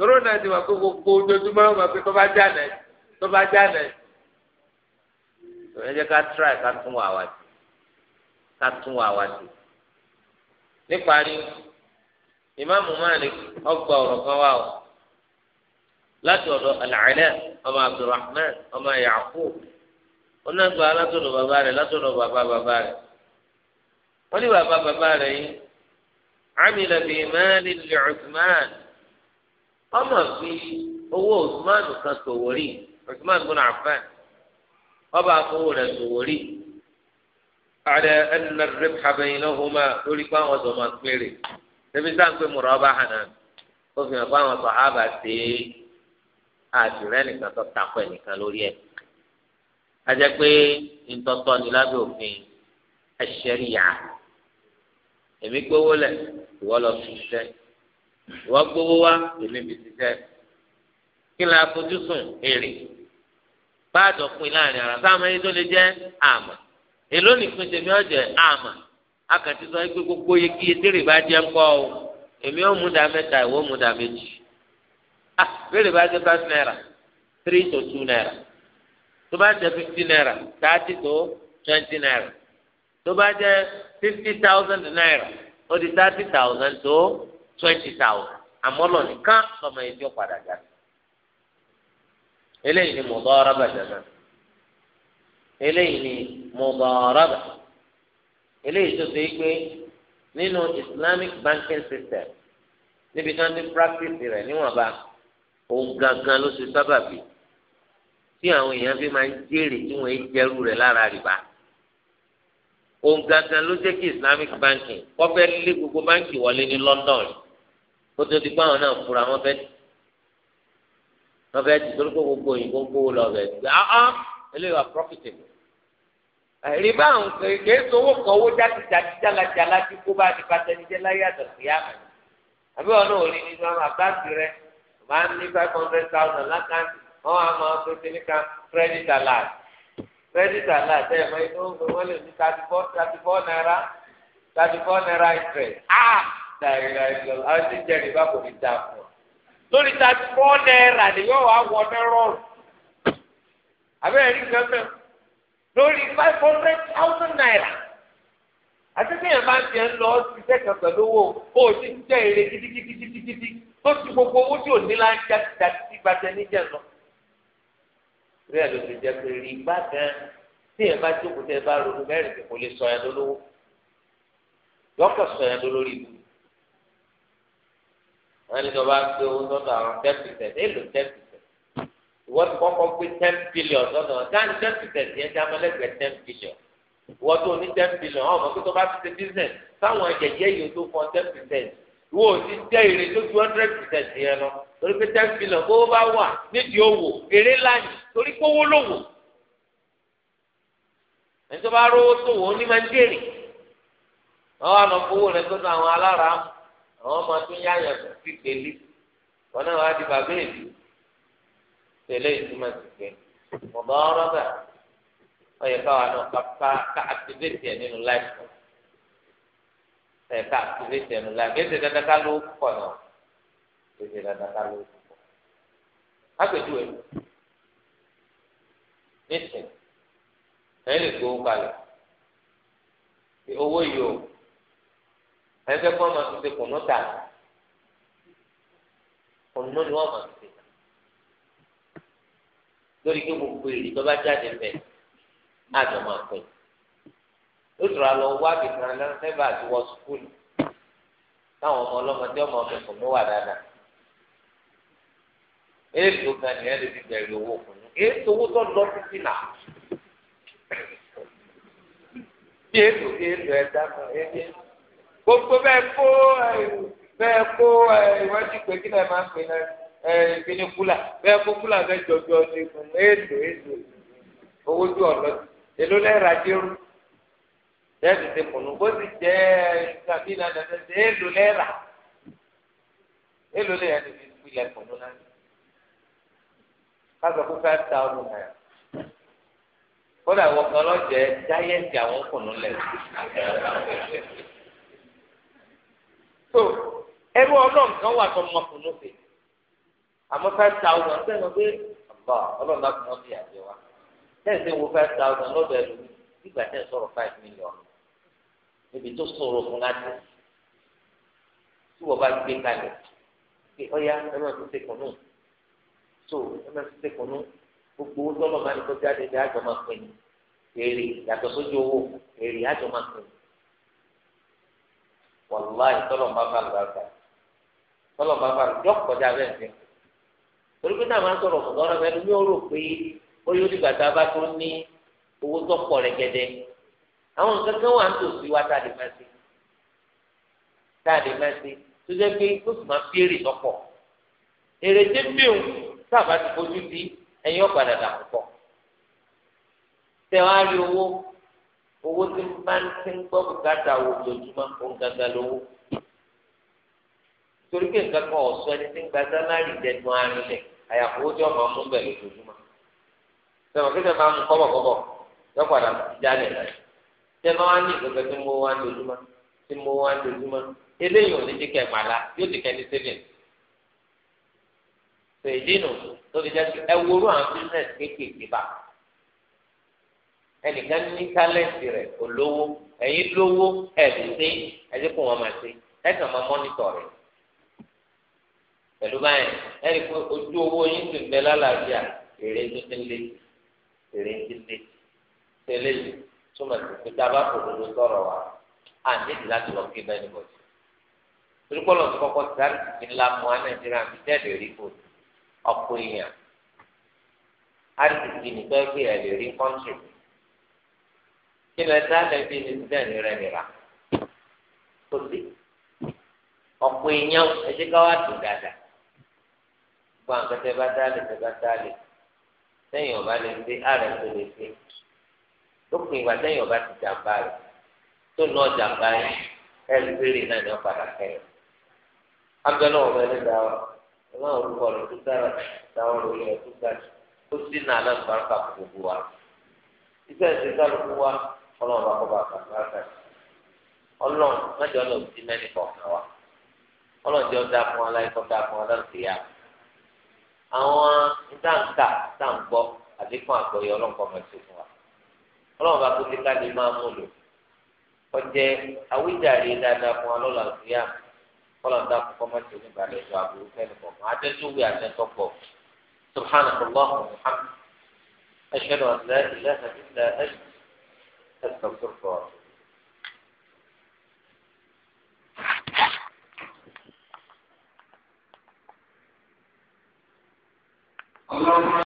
S1: toro náà ti wà pé gbogbo ojoojúmọ́ wà pé tó bá tó bá ẹ ká tíráì ká tún wà wá sí ká tún wà wá sí. níparí ìmáàmù ọgbà ọ̀rọ̀ kan wà o láti ọ̀dọ̀ ọmọ Abdulrahman ọmọ onágbà látọ̀dọ̀ bàbá rẹ̀ látọ̀dọ̀ bàbá bàbá rẹ̀ wọ́n ní bàbá bàbá rẹ̀ yìí ọmọ fi owó Usman kan sòwò rí Usman bin Affan ọba afọwọ́ rẹ̀ sòwò rí àdẹ ẹnna rẹpà bẹyìn náà homa lórí pé àwọn ọ̀dọ́ máa péré ẹbí sáà ń pè mọ̀rọ̀ ọba hànà ó fi hàn pé àwọn sọ̀ ábà sí àdìrẹ́ nìkan tó takọ̀ ẹ̀nìkan lórí ẹ̀ ajẹ́ pé ntọ́tọ́ ni lábẹ́ òfin ẹ̀ṣẹ̀ríyà èmi gbówó lẹ̀ ìwọ lọ fi iṣẹ́ ìwọ gbowó wa èmi fi ṣiṣẹ́ kí la fojú sùn èrè báàdọ pin láàrin ara sáàmù ẹni tó lè jẹ àmà èló nìpín tèmi ọjẹ àmà akàtí sọ pé gbogbo yẹ kí etéré bá jẹ ńkọ o èmi ó mú da ìwọ mú da béèrè bá jẹ five naira three to two naira tó bá jẹ fifty naira thirty to twenty naira tó bá jẹ fifty thousand naira ó di thirty thousand tó twenty thousand àmọ́ lọ nìkan lọ́mọ ẹjọ́ padà já eléyìí ni mudaraba jama eléyìí ni mudaraba eléyìí tó ṣe é pé nínú islamic banking system níbi tí wọ́n ti practice rẹ̀ níwọ̀nba òun gangan ló ṣe sábàbí tí àwọn èèyàn fi máa ń jèrè tí wọ́n jẹ́rú rẹ̀ lára rìbá òun gangan ló jẹ́ kí islamic banking kọ́fẹ́ lé gbogbo báńkì wọlé ní london rẹ̀ kótó ti gbọ́ àwọn náà fura wọn fẹ́ wọn fẹ́ ti torí gbogbo òyìnbó gbówó lọ bẹ̀ gbé ahán eléyìí wà profitable àìrí bá àwọn kéèké sowó kan owó jákèjádé jálajàlá tí kó bá ti pàṣẹ níjẹ láyé àtọ̀sí àmì àbí wọn náà ò rí nínú àwọn àkáǹtì rẹ máa ń ní five hundred thousand lákàntì wọn á máa tó ti ní kan credit alert credit alert ẹ mọ inú wọn lè ní thirty four naira thirty four naira interest ah láìláìlọ àwọn tí jẹrìí bá kò ní da fún ọ lórí thirty four náírà ni yóò wá wọ ní rọrùn àbẹ́rẹ́ rí nǹkan mẹ́rin lórí five hundred thousand naira àti tí yẹn bá ń tiẹ̀ ń lọ sí sẹ́kẹ̀ pẹ̀lú owó ó ti ń jẹ́ èrè gidigidigidi tó ti gbogbo owó tí ò ní la ń já dàtí bàtẹ́ níjẹ̀ lọ. rí ẹ̀ ló ti jẹ́ pé rí igbá gan tí yẹn bá jókòó tẹ́ bá ronú mẹ́rin kò lè sọ yẹn lólówó yọkọ̀ sọ yẹn lólórí ibùdó wọn ní sọba gbé owó sọ́dọ̀ àwọn ten percent èlò ten percent ìwọ ti kọ́kọ́ gbé ten billion sọ́dọ̀ káàní ten percent yẹn ti amọlẹgbẹ ten billion ìwọ tó ní ten billion ọmọ pé sọba ti ṣe business táwọn ẹjẹjẹ yìí tó fọ ten percent ìwọ ò ti jẹ èrè tó ju hundred percent yẹn lọ torí pé ten billion kó bá wà nídìí owó èrè láàyè torí kówó lówó ẹni tó bá rówó tó wò ó ní máa ń dèrè wọn wà lọ fowó rẹ sọ́dọ̀ àwọn alára àwọn ọmọ tó yáyàn fún pípélé wọn náà wá di bàbá èlú tẹ́lẹ̀ ìtumọ̀ sí pé ọba ọrọba ọyẹ káwa náà ká ká activate ẹ nínú láìpẹ ẹ ká activate ẹ nínú láìpẹ ẹsẹ dandan ká ló pọ náà ẹsẹ dandan ká ló pọ àpèjúwe nísìnyí ẹ lè gbowó kalẹ̀ owó yìí o ẹgbẹ́ kọ́ máa fi ṣe kùnú tà kùnú ni wọ́n máa fi ṣe lórí kí gbogbo èrè tó bá jáde mẹ́ àjọ máa pè ó tura lọ wá bìkan lẹ́fẹ̀ẹ́ àti wọ sukùlù táwọn ọmọ ọlọ́mọdé ọmọ ọmọ kùnú wà dáadáa èèlò kan ní ẹni ti bẹ̀rẹ̀ owó kùnú èèlò owó tó lọ títí nà bí èèlò èèlò ẹ̀ dáná èèlò gbogbo bẹ́ẹ̀ kó bẹ́ẹ̀ kó ìwádìí pé kí lẹ́ẹ̀ máa ń pè náà kíni kúlà bẹ́ẹ̀ kó kúlà bẹ́ẹ̀ jọjọ ní fún èèlò èèlò owó ju ọ̀lọ́ èlò lẹ́ẹ̀rà dérú lẹ́ẹ̀dì ti kùnú bó sì jẹ́ tàbí ìlànà tẹ̀sẹ̀ èèlò lẹ́ẹ̀rà èèlò lẹ́ẹ̀rà ti fi pilẹ̀ kùnú náà kásọ̀ fún five thousand naira kódà wọ́n kan lọ́jẹ̀ẹ́ jáyẹ̀ǹtì àwọn kùnú lẹ̀ so ẹrú ọlọ́run kan wà tó mọ fún lóde àmọ́ five thousand bẹ́ẹ̀ lọ pé ọ̀bà ọlọ́run láti mọ́ sí àjẹ wa bẹ́ẹ̀ sì ń five thousand lọ́dọ̀ ẹ̀rù nígbà tẹ́ ẹ̀ five million níbi tó sọ̀rọ̀ fún láti tí wọ́n bá gbé kalẹ̀ pé ọ̀ya ẹ máa tún ṣe kùnú so ẹ máa tún ṣe kùnú gbogbo owó tọ́lọ̀ máa ní kó jáde ní àjọ máa pè ní èrè yàtọ̀ sójú owó èrè àjọ máa pè ní wàláì tọ́lọ̀ bá bá lùbáríkà tọ́lọ̀ bá bá lùbáríkà yọ kọjá bẹ́ẹ̀ sí. torí pé náà máa ń sọ̀rọ̀ mọ̀gọ́rọ̀ mẹ́rin mi ò rò pé ó yóò dìgbà tá a bá tó ní owó tó pọ̀ rẹ̀ gẹ́dẹ́ àwọn nǹkan kan wà ń tò sí wa tá a lè máa ṣe tá a lè máa ṣe tó jẹ́ pé ó sì máa fi èrè tọ́pọ̀ èrè tí ń bíun sábà ti fojú di ẹ̀yìn ọ̀padà dà púpọ̀ tẹ̀ wá rí owó owó tí ń bá ń tí ń gbọ́ bùkátà wò lójúmọ́ ó ń gàgà lówó torí pé nǹkan kan ọ̀sọ́ ẹni tí ń gba sálárì dẹnu arinlẹ̀ àyàfó tí ọmọ ọmú bẹ̀ lójoojúmọ́ sọ̀rọ̀ kí sẹ́ẹ̀ máa mú kọ́bọ̀kọ́bọ̀ lọ́pàdà jálẹ̀ láì sẹ́ẹ̀ máa wá ní ìgbẹ́gbẹ́ tí mo wá lójúmọ́ tí mo wá lójúmọ́ eléyìí ò ní ti kẹ́ yóò ti kẹ́ ní sẹ́lẹ̀ tó fi jẹ́ ẹwúrú àwọn bísíǹnẹ̀sì kéékèèké báà ẹnìkan ní tálẹ́ǹtì rẹ̀ olówó ẹ̀yin lówó ẹ̀dùnsẹ́ ẹ̀dí kò wọ́n máa ṣe ẹ̀sán máa mọ́nítọ̀ rẹ̀ pẹ̀lú báyìí ẹ̀rí pé ojú owó yín ti bẹ lálàáfíà èrè ń ti lé èrè ń ti lé tẹ́lẹ̀ yìí túmọ̀ sí pé tá a bá fòdodo sọ̀rọ̀ wa à nídìí láti lọ kí bẹ́ẹ̀ nìbọ̀ sí torípọ̀lọ̀ tó kọ́kọ́ sáré ti fi ńlá mọ́ nàìjíríà kí lè dá lẹ́bi ní bẹ́ẹ̀ ni rẹ̀ nira kò sí ọ̀pọ̀ èèyàn ẹ̀jẹ̀ ká wá dùn dáadáa gbọ́ àgbẹ̀tẹ̀ bá dá lè tẹ̀ dá lè sẹ́yìn ọba lè fi ààrẹ tó lè fi lópin ìgbà sẹ́yìn ọba ti jàmbá rẹ̀ tó ná jàmbá rẹ̀ ẹ̀rí péré náà ni kẹ́yìn.
S2: ọ̀rọ̀ ẹni
S1: dá wa tó dára tó ọlọ́run bá kọ́ bá kọ́ bá kọ́ ọlọ́run mẹ́jọ lọ sí mẹ́rin kọ̀ọ̀kan wa ọlọ́run jẹ́ ọ̀dà fún aláìkọ́ dà fún aláìkọ́ yá àwọn ntáǹkà táǹgbọ́ àdínkù àgbọ̀yé ọlọ́run kọ́ mọ̀ sí fún wa ọlọ́run bá kó ti ká lè máa mú lò ọjẹ́ àwíjàre dáadáa fún alọ́lá òsíyá ọlọ́run dà kọ́ mọ̀ sí oníbàárẹ̀ ìjọ àbúrò fẹ́ẹ́ kọ̀ọ̀kan adẹ́túwé àtẹ́tọ́pọ̀ subhanahu wa ta'ala ashhadu an استغفرك واتوب